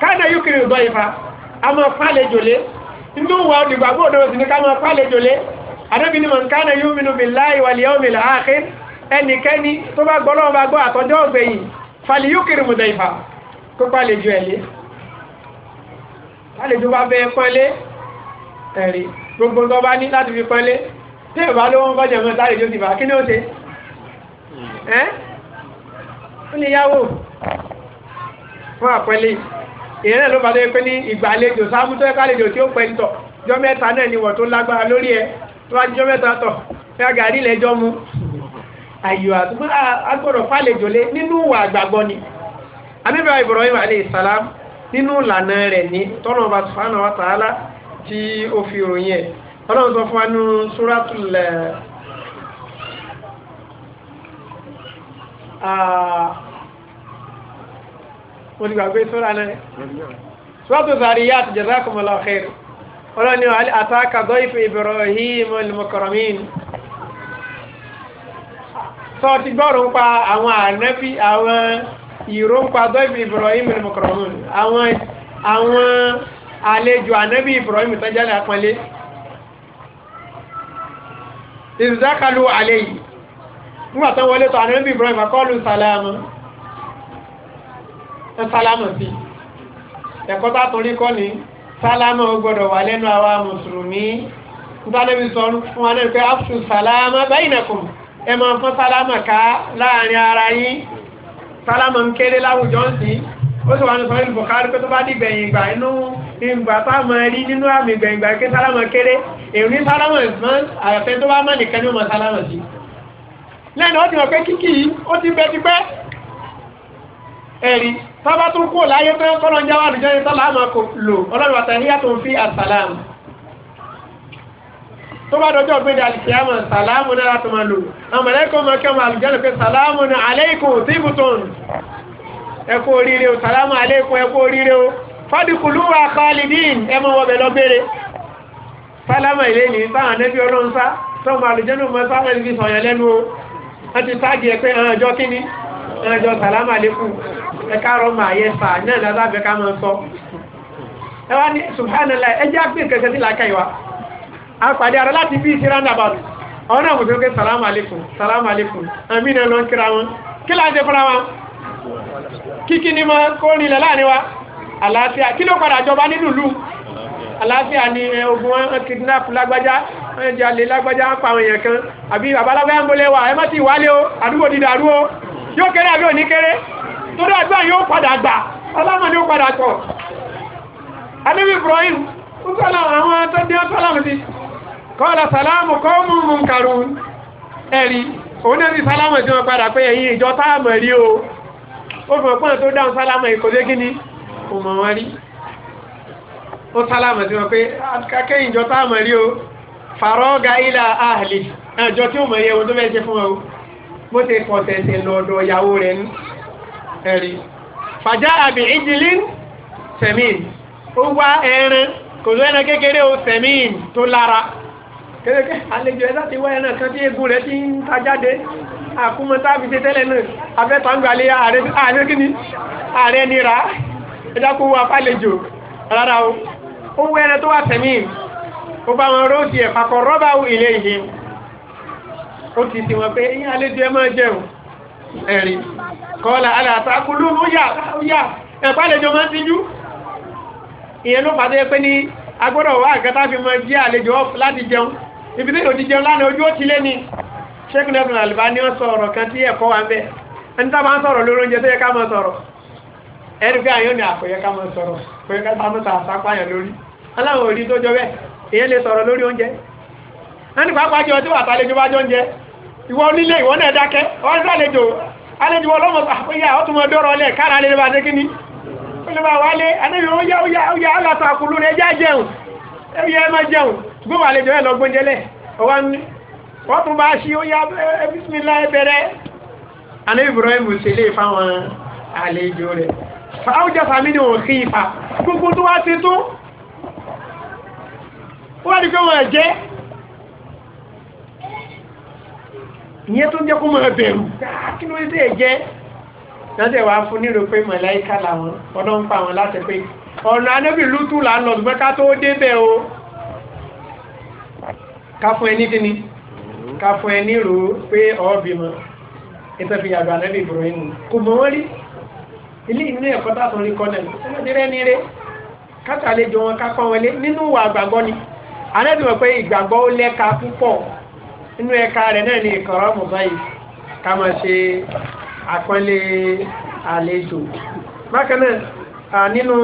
káàdà yóò kiri ìbọn ìfà a máa pálẹ̀ jòlé nínú ìwà olùgbàgbọ́ òdòdó sì ní ká máa pálẹ̀ jòlé ànábì ni man kana yu'minu billahi wal yawmil akhir ẹnikẹ́ni tó bá gbọ́ lọ́wọ́ bá gbọ́ àtọ́jọ́ ọ̀gbẹ̀yìn fàlìyókèrè mọ̀dá ìfà kó pàlejò ẹ̀lẹ́ pàlejò bá bẹ́ẹ̀ pọ́nlé ẹ̀rí gbogbo tó bá ní láti fi pọ́nlé tí ìbá ló wọ́n bọ́jẹ̀ mọ́ tàlejò ti bá kí ní ó ṣe hmm. ẹ́ ó ní yáwó fún àpẹẹlẹ ìyẹn náà ló bá lóye pé ní ìgbàlejò sábútọ́ ẹ̀ká àlejò tí ó pẹ́ ń tọ̀ jọ́ mẹ́ta náà ni wọ̀ tó lágbára lórí ẹ tó bá jọ́ mẹ́ta tọ̀ fẹ́ gàrí lẹ́jọ́ mu ayò agbọ́dọ̀ fàlejòlé nínú ìwà àgbàgbọ́ ni anábìá Ibrahim alayhi salam nínú ìlànà rẹ̀ ní tọ́nà ọba subhanahu wa ta'ala tí ó fi ròyìn ẹ̀ ọlọ́run sọ fún wa nínú suratul wọ́n ti gbàgbé sọ́ra náà sọ́tò Zariyat jazakumullahu khair ọlọ́run ni àtàkà dọ́ìfù Ibrahim al-mukramin sọ ti gbọ́rùn pa àwọn ànábì àwọn ìró ń pa dọ́ìbì Ibrahim al-mukramun àwọn àwọn àlejò ànábì Ibrahim tọ́jálẹ̀ àpọ́nlé ìzákàlù àlẹ́ yìí nígbà tán wọlé tọ ànábì Ibrahim akọ́lù sàlámù ẹ sálámù sí ẹ̀kọ́ tá torí kọ́ ni sálámù gbọ́dọ̀ wà lẹ́nu àwa mùsùlùmí nítorí sọ fún wa náà pé afṣu sàlámù bẹ́yìn nàkùnrin ẹ máa fọ́n sálámà ká láàrin ara yín sálámà ń kéré láwùjọ ń sìn ó sì wà ní sọ́yìn bùkárí pé tó bá dìgbẹ̀yìn ìgbà inú ìgbà tá a máa rí nínú àmì ìgbẹ̀yìn ìgbà kí sálámà kéré èrò ní sálámà ìfọ́n àyàfẹ́ tó bá má nìkan ní ọmọ sálámà sí lẹ́nu ó ti hàn pé kíkì yìí ó ti bẹ ti pẹ́ ẹ̀rí sábà tún kú láyé pé kọ́nà jáwá àdújọ́ ní sálámà kò lò ọlọ́run àtàríyà tó ń fi àsàlámù tó bá dọjọ́ gbé ní alìkíyàmọ̀ sàlámù náà láti máa lò àmàlẹ́kọ̀ọ́ máa kẹ́ ọmọ àlùjẹ́lẹ̀ pé sàlámù náà aleikum tíbùtùn ẹkú oríire o sàlámù aleikum ẹkú oríire o fọ́dùkùlù wa kọ́lìdín ẹ mọ wọbẹ̀ lọ bèrè sàlámù ilé ní sáà nẹ́bí ọlọ́run sá tọ́mọ àlùjẹ́lẹ̀ mọ sáà nẹ́bí sọ̀yàn lẹ́nu o wọ́n ti sáàgì ẹ pé ọjọ́ kíní ọjọ́ sàlámù aleikum ẹ káàrọ̀ mà yẹ sà náà lábàbẹ̀ ká máa sọ ẹ wá ní subhanallah ẹ jẹ́ àpè kẹsẹ̀ sí làákàyè wa apàdé ara láti bí ìṣe roundabout àwọn náà mùsùlùmí pé salamu alaykum salamu alaykum àmì náà lọ ń kíra wọn kí láti ṣe fúnra wọn kíkí ni máa kó nílẹ̀ láàrin wa àlàáfíà kí ló padà jọba nínú ìlú àlàáfíà ni ogun wọn kidnap lágbájá wọn jẹ alẹ lágbájá wọn pa àwọn èèyàn kan àbí babalágbájá ń bolẹ wa ẹ má ti wálé o àdúgbò dídàrú o yóò kéré àbí òní kéré torí àdúrà yóò padà gbà ọlọ́mọ ni ó padà tọ̀ adébí Ibrahim ó sọ́lá àwọn tó dé ó sọ́lá mi kọ́lá sàlámù kọ́ọ̀mù munkarun ẹ̀rí òun náà ní sálámù tí wọ́n padà pé ẹ̀yin ìjọ táàmù rí o ó fi ọ̀pọ̀n tó dáhùn sálámù ìkòlé gíní kò mọ̀ wọ́n rí ó sálámù tí wọ́n pé akẹ́kẹ́ ìjọ táàmù rí o fàrọ́gà ilà ahli ẹ̀jọ tí ó mọ̀ yẹ ohun tó fẹ́ ṣe fún ọ bó ṣe pọ̀ kò ló ẹran kékeré o sẹ̀mìn tó lára kẹ́kẹ́ àlejò ẹ̀ láti wáyé náà kan tí egun rẹ̀ ti ń ta jáde àkúmọ̀tá fi ṣe tẹ́lẹ̀ náà afẹ́tàǹgbàlẹ̀ ààrẹ kíni ààrẹ nira ẹ̀dákú afálejò rárá o ó wẹ́ ẹran tó wà tẹ̀mí ó bá wọn róòtì ẹ̀ papọ̀ rọ́bà ilé ìhe ó ti ti wọn pé yín àlejò ẹ máa jẹun ẹ̀rí kọ́lá aláàtàkùlù ó yà ẹ̀pálejò máa ti jú ìyẹn ló pàdé pé ní agbọ́dọ̀ wá àgẹ́tà fi mọ jí àlejò láti jẹun ibi tí òdìjẹ ńlá ni ojú ó ti lé ní sheikh nebula albani wọn sọ̀rọ̀ kan tí ẹ̀kọ́ wa ń bẹ ẹni tá a máa ń sọ̀rọ̀ lórí oúnjẹ tó yẹ ká máa sọ̀rọ̀ ẹni pé àyàn ni àkọyẹ ká máa sọ̀rọ̀ kọyẹ ká máa ta àsápá yàn lórí aláwọ òdi tó jọ bẹ́ẹ̀ èyàn lè sọ̀rọ̀ lórí oúnjẹ ẹni pàápàá jọ tí wà tá àlejò bá jọ oúnjẹ ìwọ onílé ìwọ náà dákẹ́ wọn sọ àlejò àlejò ọlọmọ àpéyà ah, ọtún mọ dọrọ ọlẹ kára lè bá dé kíní ó ṣùgbọ́n wà lẹ́jọ́ ẹ̀ lọ gbóúnjẹ́lẹ̀ wọ́n tún bá ṣí ó yá bísímìlá ẹbẹ̀rẹ̀ anábì Ibrahim ṣe lè fáwọn àlejò rẹ̀ fáwùjọ sàmì ni òun kí ipa gbogbo tó wá ti tún wọ́n di pé wọ́n jẹ́ ìyẹn tó jẹ́ kó mọ̀ bẹ̀rù ah, kí ló dé jẹ́ lọ́dẹ̀ wá fún nílò pé mọ̀láíkà làwọn ọdọ́ ń pa àwọn láti pé ọ̀nà anábì lútù là ń lọ ṣùgbọ́n ká tó débẹ̀ o ká fún ẹni kíni ká fún ẹni rò ó pé ọ̀ọ́bìmọ ìtọ́ fi yàgbà nẹ́bí Ibrahim kò mọ̀ wọ́n rí ilé ìlú ẹ̀kọ́ tàtún rí kọ́nẹ̀ ọmọdérẹ́ ní rẹ kátàlejò wọn kápọ́ wọlé nínú ìwà àgbàgbọ́ ni anẹ́bí mọ̀ pé ìgbàgbọ́ ó lẹ́ka púpọ̀ nínú ẹ̀ka rẹ̀ náà ní ìkọ̀rọ̀ mọ̀bá yìí ká máa ṣe àpọ́nlé àlejò bákan náà nínú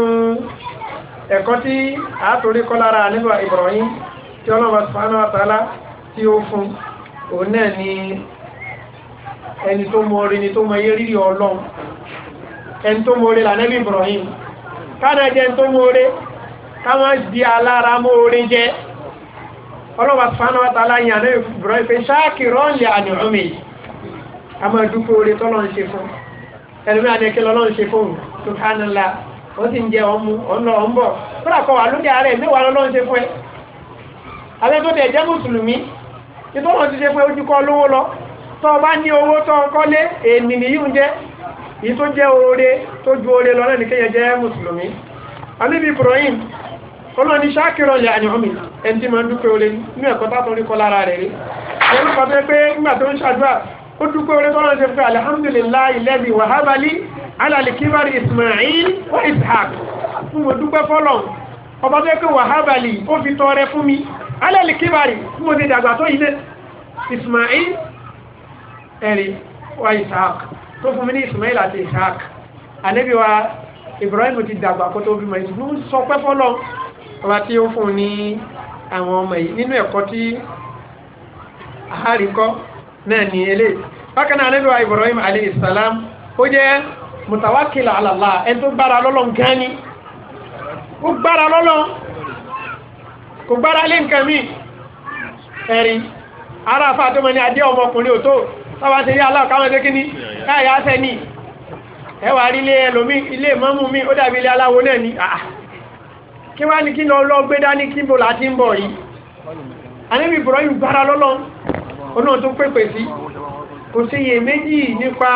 ẹ̀kọ́ tí àtòrí kọ́ lára nínú Ibrahim tí ọlọ́ba sùpánà àtàlá tí ó fún òun náà ni ẹni tó mọ orin ni tó mọ yé rírì ọlọ́run ẹni tó mọ orin lànẹ́bí Ibrahim káàdà jẹ́ ẹni tó mọ orin káwọn di alára mọ orin jẹ́ ọlọ́ba sùpánà àtàlá yìí ànẹ́bí Ibrahim pé ṣáàkì rọ́ọ̀lì àní ọmọ yìí a máa dúpọ̀ orin tọ́lọ́run ṣe fún ẹlòmí àdékè lọ́lọ́run ṣe fún subhanallah ó sì ń jẹ alẹ́ tó tẹ̀ jẹ́ mùsùlùmí ìtọ́wọ̀n ti ṣe pé ojú kọ lówó lọ tọ́ bá ní owó tọ́ kọ́lé èmì nìyí ń jẹ́ èyí tó jẹ́ oore tó ju oore lọ náà nìkẹ́yẹ jẹ́ mùsùlùmí alíbi Ibrahim kọ́lọ́ ní ṣákìrọ̀ lẹ́ àníhọ́mì ẹni tí ma ń dúpẹ́ oore ní ẹ̀kọ́ tá tó rí kọ́ lára rẹ̀ rí ẹni kan tó pé ńgbà tó ń ṣàdúrà ó dúpẹ́ ọba tó pé wàhábàlì ó fi tọrẹ fún mi alẹ́lì kíbàrì fún omi dàgbà tó ilé ismail ẹ̀rì wa ishaq tó fún mi ní ismail àti ishaq ànábì wa ibrahim ti dàgbà kó tó bí ma ìṣùgbọ́n sọ pé fọ́lọ́ ọba tí ó fún ní àwọn ọmọ yìí nínú ẹ̀kọ́ tí àárikọ́ náà ní eléyìí bákan náà ànábì wa ibrahim alayhi salam ó jẹ́ mutawakila ala ẹni tó gbára lọ́lọ́ nǹkan ó gbára lọ́lọ́ kò gbára lé nǹkan mí ẹ̀rí ara àfà tó mọ ní adé ọmọkùnrin ò tó sábà ṣe rí aláwọ̀ káwọn ṣe kíní káyà á sẹ́ni ẹwà rí ilé ẹlòmí ilé mọ́mú mi ó dàbí ilé aláwo náà ni àà kí wá ní kí lọ lọ gbé dání kí bò láti ń bọ̀ yìí anábì bọ̀rọ̀ yìí gbára lọ́lọ́ ọ̀nà tó pèpè sí kò sí iye méjì nípa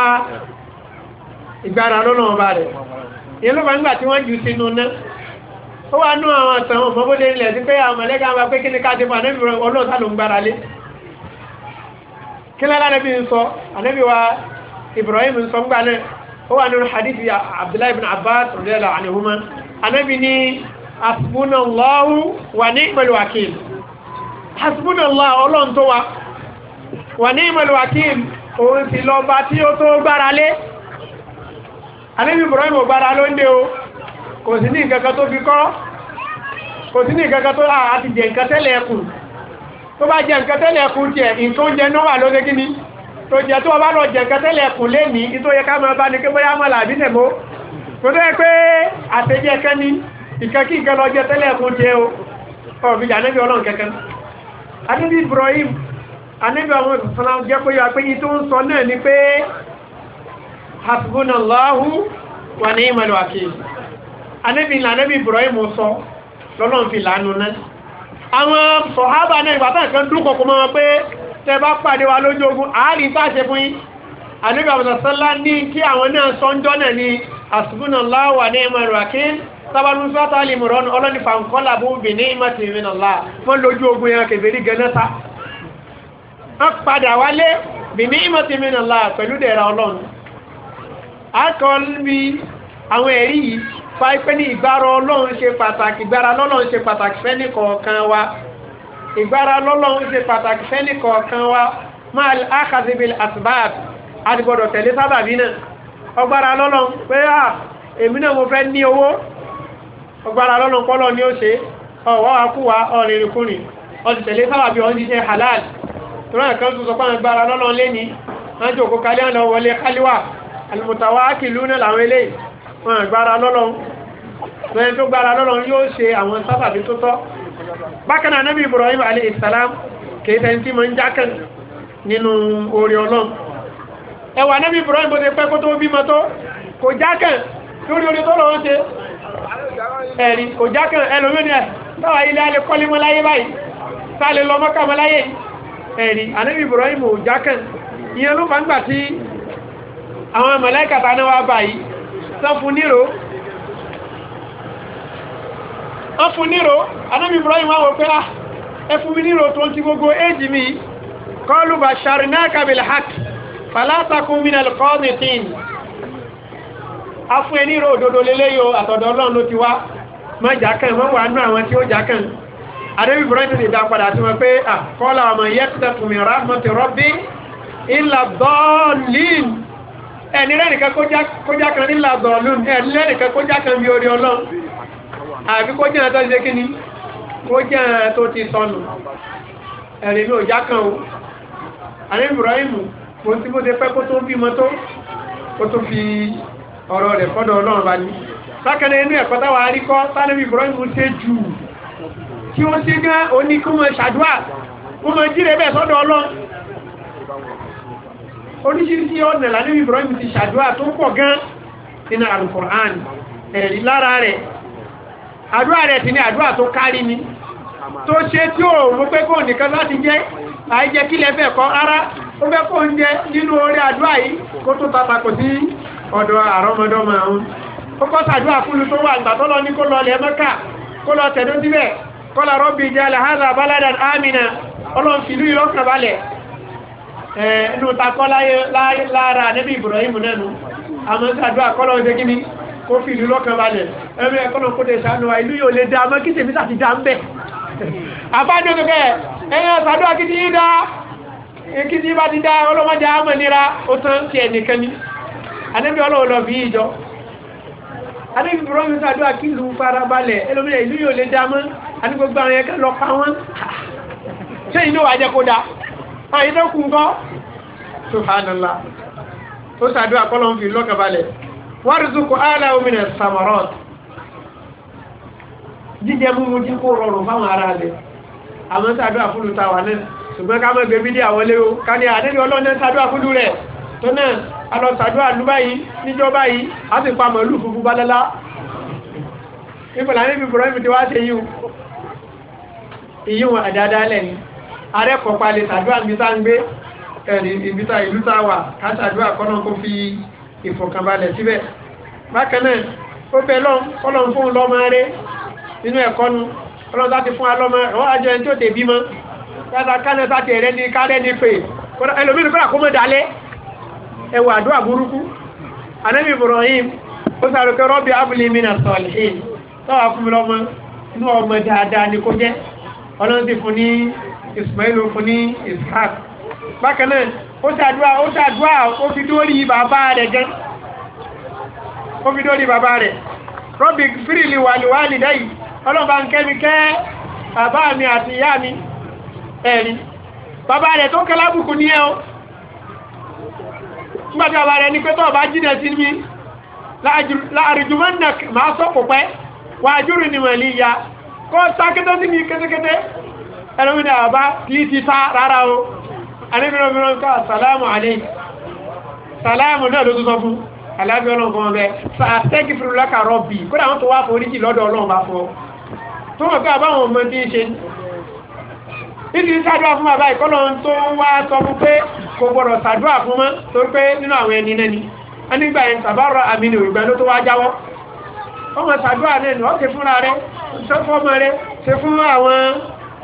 ìgbára lọ́lọ́ ọba rẹ̀ ìyẹn ló bá nígbà tí ó wà nú àwọn àtàn ọmọ bó lè nílẹ̀ sí pé àwọn mọ̀lẹ́gà wa pé kí ni ká fún ànábì ọlọ́ọ̀tà ló ń gbára lé kí lọ́la ń sọ ànábì wa Ibrahim ń sọ ńgbà náà ó wà nínú hadith Abbas radiyallahu anhuma ànábì ní hasbunallahu wa ni'mal wakil hasbunallahu ọlọ́run tó wa wa ni'mal wakil òun sì lọ́ba tí Ibrahim ò gbára kò sí ní nǹkan kan tó fi kọ́ kò sí ní nǹkan kan tó àti jẹ nǹkan tẹ́lẹ̀ ẹkùn tó bá jẹ nǹkan tẹ́lẹ̀ ẹkùn jẹ nǹkan oúnjẹ náà wà lóde kí ni tó jẹ tó bá lọ jẹ nǹkan tẹ́lẹ̀ ẹkùn lẹ́ni tó yẹ ká máa bá ní kébóyá mọ́ làbí tẹ̀mọ́ kò tó yẹ pé àtẹ̀jẹ kan ni nǹkan kí nǹkan lọ jẹ tẹ́lẹ̀ ẹkùn jẹ anẹ́bí ilẹ̀ anẹ́bí Ibrahim sọ lọ́nà fi lánú náà àwọn sọ̀hábà náà ìgbàtà kan dúkọ̀ kọmọ pé tẹ bá pàdé wa lójú ogun àárí pàṣẹ fún yín anẹ́bí àbùsọ̀sọ́lá ní kí àwọn náà sọ́njọ́ náà ní hasbunallahu wa ni'mal wakil tábàlú sọ́tà lè mọ̀rọ̀ ọlọ́ni fàǹkọ́là bó bì ní ìmọ̀tì ìrìnàlá wọ́n lójú ogun yẹn kẹfẹ́rí gẹ́nẹ́ta wọ́n padà wálé bì ní ìmọ̀tì ìrìnàlá pẹ̀lú dẹ̀ra ọlọ́run akọ́lùmí àwọn ẹ̀rí yìí fàápẹ́ ní ìgbára ọlọ́run ṣe pàtàkì ìgbára lọ́lọ́run ṣe pàtàkì fẹ́ni kọ̀ọ̀kan wa ìgbára lọ́lọ́run ṣe pàtàkì fẹ́ni kọ̀ọ̀kan wa máa àkàzìbìl àtìbáàb àdìgbọ̀dọ̀ tẹ̀lé sábàbí náà ọgbára lọ́lọ́run pé à èmi náà mo fẹ́ ní owó ọgbára lọ́lọ́run pọ́lọ́ ni ó ṣe ọ̀wọ́ akúwa ọ̀rìnrìnkùnrin ọdún halal tó náà kan tó sọ pé àgbára lọ́lọ́run lé ní wọ́n jòkó wọn gbára lọ́lọ́run wọn tó gbára lọ́lọ́run yóò ṣe àwọn sábàbí tó tọ́ bákan náà Ibrahim alayhi salam kìí tí mo ń nínú orí ọlọ́run ẹwà nábì Ibrahim bó ṣe pẹ́ kó tó kò jákàn lórí orí tó lọ́wọ́ ṣe ẹ̀rí kò jákàn ẹlòmínà táwa ilé alẹ́ kọ́lé mọ́ láyé báyìí sálẹ̀ lọ mọ́kà mọ́ láyé ẹ̀rí Ibrahim ò ìyẹn ló fà ń gbà tí àwọn sọ́fún níro ọ́fún níro anábì Ibrahim wọ́n pé ah, ẹfún mi níro tó ń ti gbogbo éjì mi kọlu basharnaka bil haqq falatakun minal qanitin afún ẹni ro òdodo lélẹ́yò àtọ̀dọ̀ ọlọ́run ló ti wá mọ́ jákàn mọ́ wà nú àwọn tí ó jákàn adébí Ibrahim lè dá padà sí wọn pé àkọ́lá ah, ọmọ yẹ́kùtẹ̀kùnmí rahmatu rabbi illa dọ́ọ̀lìn ẹni lẹ́nìkan kójá kan nílà bọ̀ọ̀lùn ẹni lẹ́nìkan kójá kan bí orí ọlọ́run àbí kójá tó ti ṣe kí ni kójá tó ti sọnù ẹni mi ò já kan o àní Ibrahim mo ti bó ṣe pẹ́ kó tó bímọ tó kó tó fi ọ̀rọ̀ rẹ̀ fọ́dọ̀ ọlọ́run bá ní bákan náà inú ẹ̀kọ́ táwa rí kọ́ sáré Ibrahim ṣe jù kí wọ́n ṣe gán oníkúmọ̀ ṣàdúrà wọ́n mọ̀ jíre bẹ́ẹ̀ sọ́dọ̀ ọlọ́run oríṣiríṣi ọ̀nà lànà Ibrahim ti ṣàdúrà tó pọ̀ gan nínú alukur'an ẹ̀rí lára rẹ̀ àdúrà rẹ̀ ti ní àdúrà tó kárí ni tó ṣe tí ó mú pé kó nìkan láti jẹ́ àìjẹ́ kí lẹ́fẹ̀ kọ́ rárá ó fẹ́ kó ń jẹ nínú orí àdúrà yìí kó tó tapakò sí ọ̀dọ̀ àrọ́mọdọ́mọ ọ̀hún ó kọ́ sàdúrà fúlù tó wà ìgbà tó lọ ní kó lọ lẹ́ Mẹ́kà kó lọ tẹ̀dó síbẹ̀ kó lọ rọ́bì jẹ́ alahazà baladan amina ọlọ́run fìlú ìlọ́kàn balẹ̀ ẹnu eh, takọ́ lára níbi Ibrahim nẹ́nu àmọ́ sàdó àkọ́lọ́ ọdẹ kí ni kó fi ìlú lọ́kàn balẹ̀ ẹnu ẹ̀kọ́lọ́ kó tẹ sànù wa ìlú yóò lè dá ọmọ kí tèmi sàti dá ń bẹ̀ àbájọ kẹkẹ ẹnu sàdó akíti yín dá ekiti bá ti dá ọlọ́mọdé àmọ́ nira ó tán tiẹ̀ nìkan ni àdébí ọlọ́wọ́ lọ bí ìjọ adébí bùrọ́mí sàdúrà kí ìlú farabalẹ̀ ẹlòmílẹ̀ ìlú yóò lè dá mọ́ àti gbogbo àwọn ẹ̀kẹ́ lọ pa wọ́n ṣé ìlú wàá jẹ́ kó dáa àìdọ́kùn kọ́ subhanallah ó sàdúrà kọ́lọ̀ ń fi lọ́kàbalẹ̀ wárìsùkù àlà òmìnira samarot jíjẹ múmu jí kó rọrùn fáwọn ará rẹ̀ àwọn sàdúrà fúlù ta wà náà ṣùgbọ́n ká mọ̀ gbé bídí àwọn léwu ká ní àdéhùn ọlọ́ọ̀nà sàdúrà fúlù rẹ̀ tó náà alọ sàdúrà nú báyìí níjọ́ báyìí á sì pa mọ̀lú funfun balẹ́lá ìfọ̀lá níbi bùrọ̀ ìfìdíwá ṣe yíw ìyíwọ̀n àdáadáa lẹ́yìn arẹ́kọ̀ọ́pá lè ṣàdúrà níbi tá ń gbé ẹ̀rì ibi tá ìlú tá wà ká ṣàdúrà kọ́nà kó fi ìfọ̀kànbalẹ̀ síbẹ̀ bákan náà ó bẹ lọ́n kọ́lọ́n fún lọ́mọ rẹ nínú ẹ̀kọ́ ni kárẹ́ ni pè ẹlòmínú kọ́lá kó mọ̀ dalẹ́ ẹwà àdúrà burúkú anábì Ibrahim ó sàrùkẹ́ rọ́bì abúlé mi nà sọ̀lẹ̀ tọ́wà fún mi inú ọmọ dáadáa ni kó jẹ́ ọlọ́run fún ní Ismail fún ní Ishaq bákan náà ó ṣàdúrà ó ṣàdúrà ó fi dórí bàbá rẹ̀ gan ó fi dórí bàbá rẹ̀ rọ́bì fírìlì wà ní wàá nìdá yìí ọlọ́ba ń kẹ́ mi kẹ́ bàbá mi àti ìyá mi ẹ̀rí bàbá rẹ̀ tó kẹ́lá bùkún ní ẹ o nígbà tí bàbá rẹ̀ ní pé tó ọba jìnà sí mi láàrìjùmọ́nà máa sọ́kù pẹ́ wàá júrù ni sí mi kétékété ẹlòmí ni àbá lì ti sá rárá o anímìíràn ká sàlámù àlè sàlámù náà ló tún sọ fún alábí ọlọ́run kan bẹ sàtẹ́kì fún lọ́kà rọ́bì kódà wọn tó wá fún oríṣi lọ́dọ̀ ọlọ́run bá fọ tó mọ̀ pé àbáwọn ọmọ tí ń ṣe títí sàdúrà fún bàbá ìkọlọ́run tó wá sọ fún pé kò gbọdọ̀ sàdúrà fún mọ́ torí pé nínú àwọn ẹni náà ni a nígbà yẹn sàbárọ̀ àmì ní òrùgbà ló tó wá jáwọ́ ọmọ sàdúrà náà ni ó ṣe fúnra rẹ̀ ṣe fún ọmọ rẹ̀ ṣe fún àwọn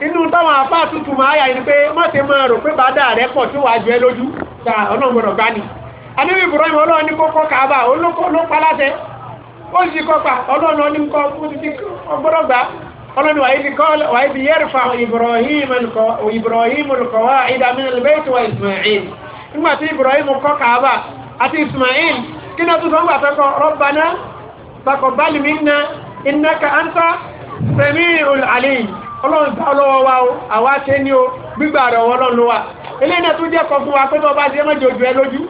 inú táwọn àfáà tuntun máa yà ni pé mọ́tẹ́ máa rò pé bàdà rẹ pọ̀ tí wàá jẹ́ lójú ta ọ̀nà gbọ́dọ̀ gbá ni anábì Ibrahim ọlọ́run ní kókó kàába ló pa láṣẹ ó sì kọ́pa ọlọ́run ní kọ́ gbọ́dọ̀ gbá ọlọ́run wàá ibi kọ́ wàá ibi yẹ́rìfà Ibrahim olùkọ́ wa ìdàmínà lẹ́yìn wa Ismail nígbà tí Ibrahim kọ́ kàába àti kọ́ ọlọ́run gbà lọ́wọ́ wa o àwa ṣe ní o gbígbà rẹ̀ wọ́n lọ́nu wa eléyìí náà tún jẹ́ kọ fún wa pé tó bá ṣe mọ́jọ jù ẹ lójú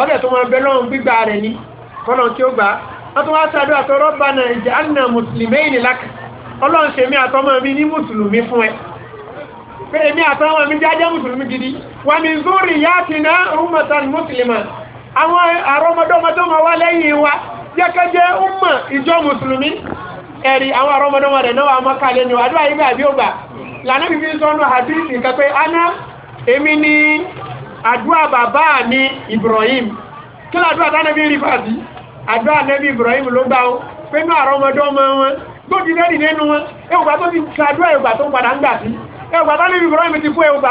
ọdẹ tó máa bẹ lọ́run gbígbà rẹ̀ ni kọ́nà tí ó gbà á tún wá sàdúrà tó rọ́bà náà ìjẹ́ àná mùsùlùmí ìní lákà ọlọ́run ṣe mí àtọmọ mi ní mùsùlùmí fún ẹ pé èmi àtọmọ mi jájẹ́ mùsùlùmí gidi wà mí zúrì yá ti ná rúmọ̀tàn mùsùlùmí àwọn àrọ́mọdọ́mọdọ́mọ wa lẹ́yìn wa jẹ́kẹ́jẹ́ ó ìjọ mùsùlùmí ẹ̀rí àwọn àrọ́mọdọ́mọ rẹ̀ náà àmọ́ kalẹ̀ ní àdúrà yìí bá àbí ògbà lànà bíbí sọ́nù àbí nǹkan pé aná èmi ni àdúrà bàbá mi Ibrahim kí làdúrà tánà bí rí fàbí àdúrà nẹ́bí Ibrahim ló gbà ó pé ní àrọ́mọdọ́mọ wọn gbòdì lẹ́rìí nínú wọn ẹ̀wùgbà tó ti ṣàdúrà ẹ̀wùgbà tó ń padà ń gbà sí ẹ̀wùgbà tánà bí Ibrahim ti fún ẹ̀wùgbà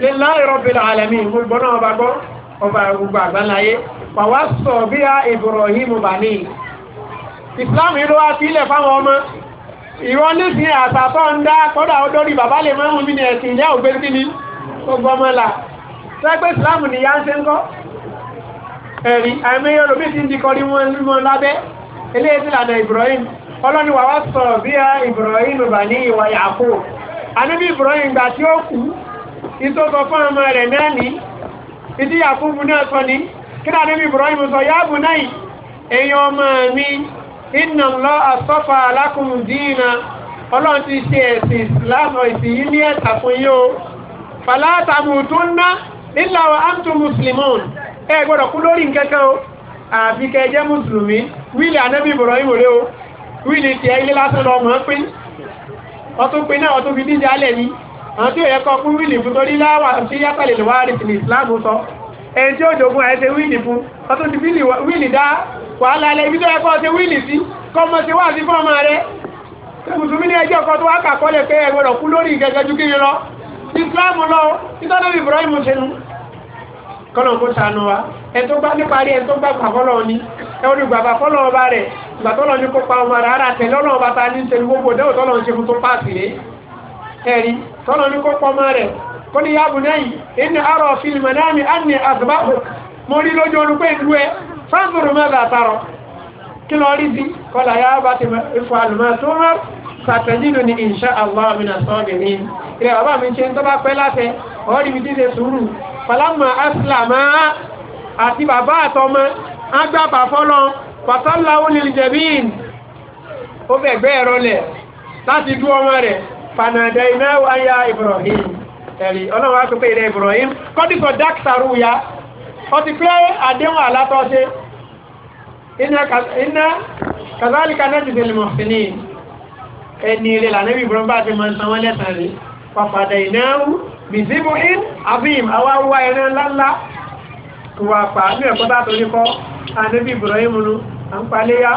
lillahi rabbil alamin gbogbo náà ọba gbọ́ ọba gbogbo àgbáláyé wàwá sọ bí a Ibrahim bani Islam yìí ló wá sí ilẹ̀ fáwọn ọmọ ìwọ nísìnyí àtàtọ̀ ń dá kọ́dà ó dórí bàbá lè máa ń bí ní ẹ̀sìn ìyá ògbé sí ni gbogbo ọmọ là sẹ́gbẹ́ Islam ni ya ń ṣe ń kọ́ ẹ̀rí àìmọye olómi ti ń di kọrí wọn lábẹ́ eléyìí sí lànà Ibrahim ọlọ́ni wàwá sọ bí a Ibrahim bani ìwà yàkó àníbi Ibrahim gbà tí ó kú ìtòsọ fún ọmọ rẹ̀ náà ní ìdí Yakubu náà sọ ní kí náà níbi Ibrahim sọ yáàbù náà èèyàn ọmọ mi inna Allah astafa lakum dina ọlọ́run ti ṣe ẹ̀sìn Islam ẹ̀sìn yìí ní ẹ̀ta fún yín o fala tamutunna illa wa antum muslimun ẹ gbọ́dọ̀ kú lórí nǹkankan o àfi kẹ́ jẹ́ mùsùlùmí wíìlì ànábì Ibrahim rẹ o wíìlì tiẹ̀ ilé lásán lọ́mọ pín ọtún pín náà ọtún fi díjà alẹ́ yìí àwọn tí ò yẹ kọ́ fún wíìlì fún torí láwà sí yápẹ̀lẹ̀ lè wá rí sí ní ìsìláàmù sọ ẹni tí ó jogún ẹ̀ ṣe wíìlì fún ọtún ti wíìlì dá wàhálà ilẹ̀ ibi tó yẹ kọ́ ṣe wíìlì sí kọ́ mọ̀ ṣe wà sí fún ọmọ rẹ̀ mùsùlùmí ní ẹjọ́ kan tó wá kà kọ́lẹ̀ pé ẹgbẹ̀rọ̀ kú lórí gẹ́gẹ́ ju kí ni lọ ìsìláàmù lọ nítorí Ibrahim ṣe nu kọ́nà kó sànù wa ẹni tó gbá níparí ẹni tó gbà pàfọ́lọ́ ni ẹwọ́n ní gbàgbà fọ́lọ́ ọba rẹ̀ gbàtọ́lọ́ ní kó pa ọmọ rẹ̀ ara tẹ̀lé ọlọ́ọ̀bá ẹ̀rí tọ́nà ní kọ́pọ̀ máa rẹ̀ kó ní yáàbù náyìn inú àrọ̀ fílmù náà ní àmì àgbákò mo rí lójú orun pé ìlú ẹ fáńsùrù mẹ́ta àtàrọ̀ kí lọ rí sí kọlà yá bá ti fọ àlùmọ́ tó mọ́ sàtẹ̀jìnù ní insha Allah àmìnà sọ́ọ̀dì ní ilẹ̀ bàbá mi ṣe ń tọ́ bá pẹ́ láti dú ọmọ rẹ̀ fanada iná wáyà Ibrahim ẹ̀rí ọlọ́run wá pípé ilẹ̀ Ibrahim kọ́díkọ̀ dákítàrú ya ọ ti pé àdéhùn àlátọ́ṣe iná kàzálìkà náà ti tẹ̀lé mọ̀fìnì ẹni ilé lànàbí Ibrahim bá ti mọ̀ ń san wọ́n lẹ́sàn rí pàpàdà iná bìzíbùhín abim àwa wa ẹran ńláńlá wà pa ní ẹ̀kọ́ bá torí kọ́ ànábì Ibrahim nu à ń paléyà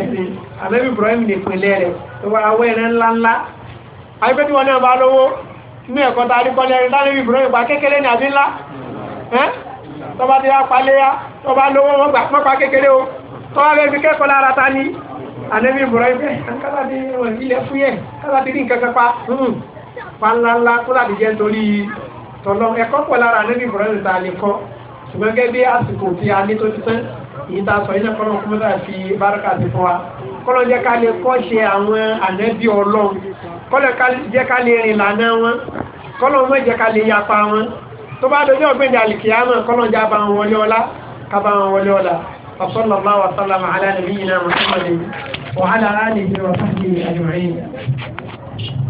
ẹ̀sìn ànábì Ibrahim nìpínlẹ̀ rẹ̀ wà awẹ́ ẹran ńláńlá àyíkó tí wọ́n náà bá lówó inú ẹ̀kọ́ ta rí kọ́lẹ̀ ẹ̀rí lálẹ́ ìbúrọ́ ìgbà kékeré ní àbí ńlá tọ́ba ti wá paléyà tọ́ba lówó wọn gbà pọ́pá kékeré o tọ́ba bẹ́ẹ̀ fi kẹ́kọ̀ọ́ lára ta ni àlẹ́bí ìbúrọ́ ìgbẹ́ kálá ti ilẹ̀ fúyẹ́ kálá ti rí nǹkan kan pa hmm, pa ńláńlá kó láti jẹ́ nítorí tọ́lọ́ ẹ̀kọ́ pọ̀ lára àlẹ́bí ìbúrọ́ ìta lè kọ́ ṣùgbọ́n gẹ́gẹ́ àsìkò tí a ní tó ti tán èyí tá a sọ iná kọ́lọ́ kọ́mọ́tà fi báràkà ti fún wa kọ́lọ́ jẹ́ ká lè kọ́ ṣe àwọn àlẹ́bí ọlọ́run kọ́lọ̀ jẹ́ ká lè rìn lànà wọn kọ́lọ̀ mọ́ jẹ́ ká lè yapa wọn tó bá dọjọ́ ọ̀gbẹ́dẹ̀ alìkìyàmọ̀ kọ́lọ̀ já bá wọn wọlé ọlá ká wọn wọlé ọlá وصلى الله وسلم على نبينا محمد وعلى آله وصحبه أجمعين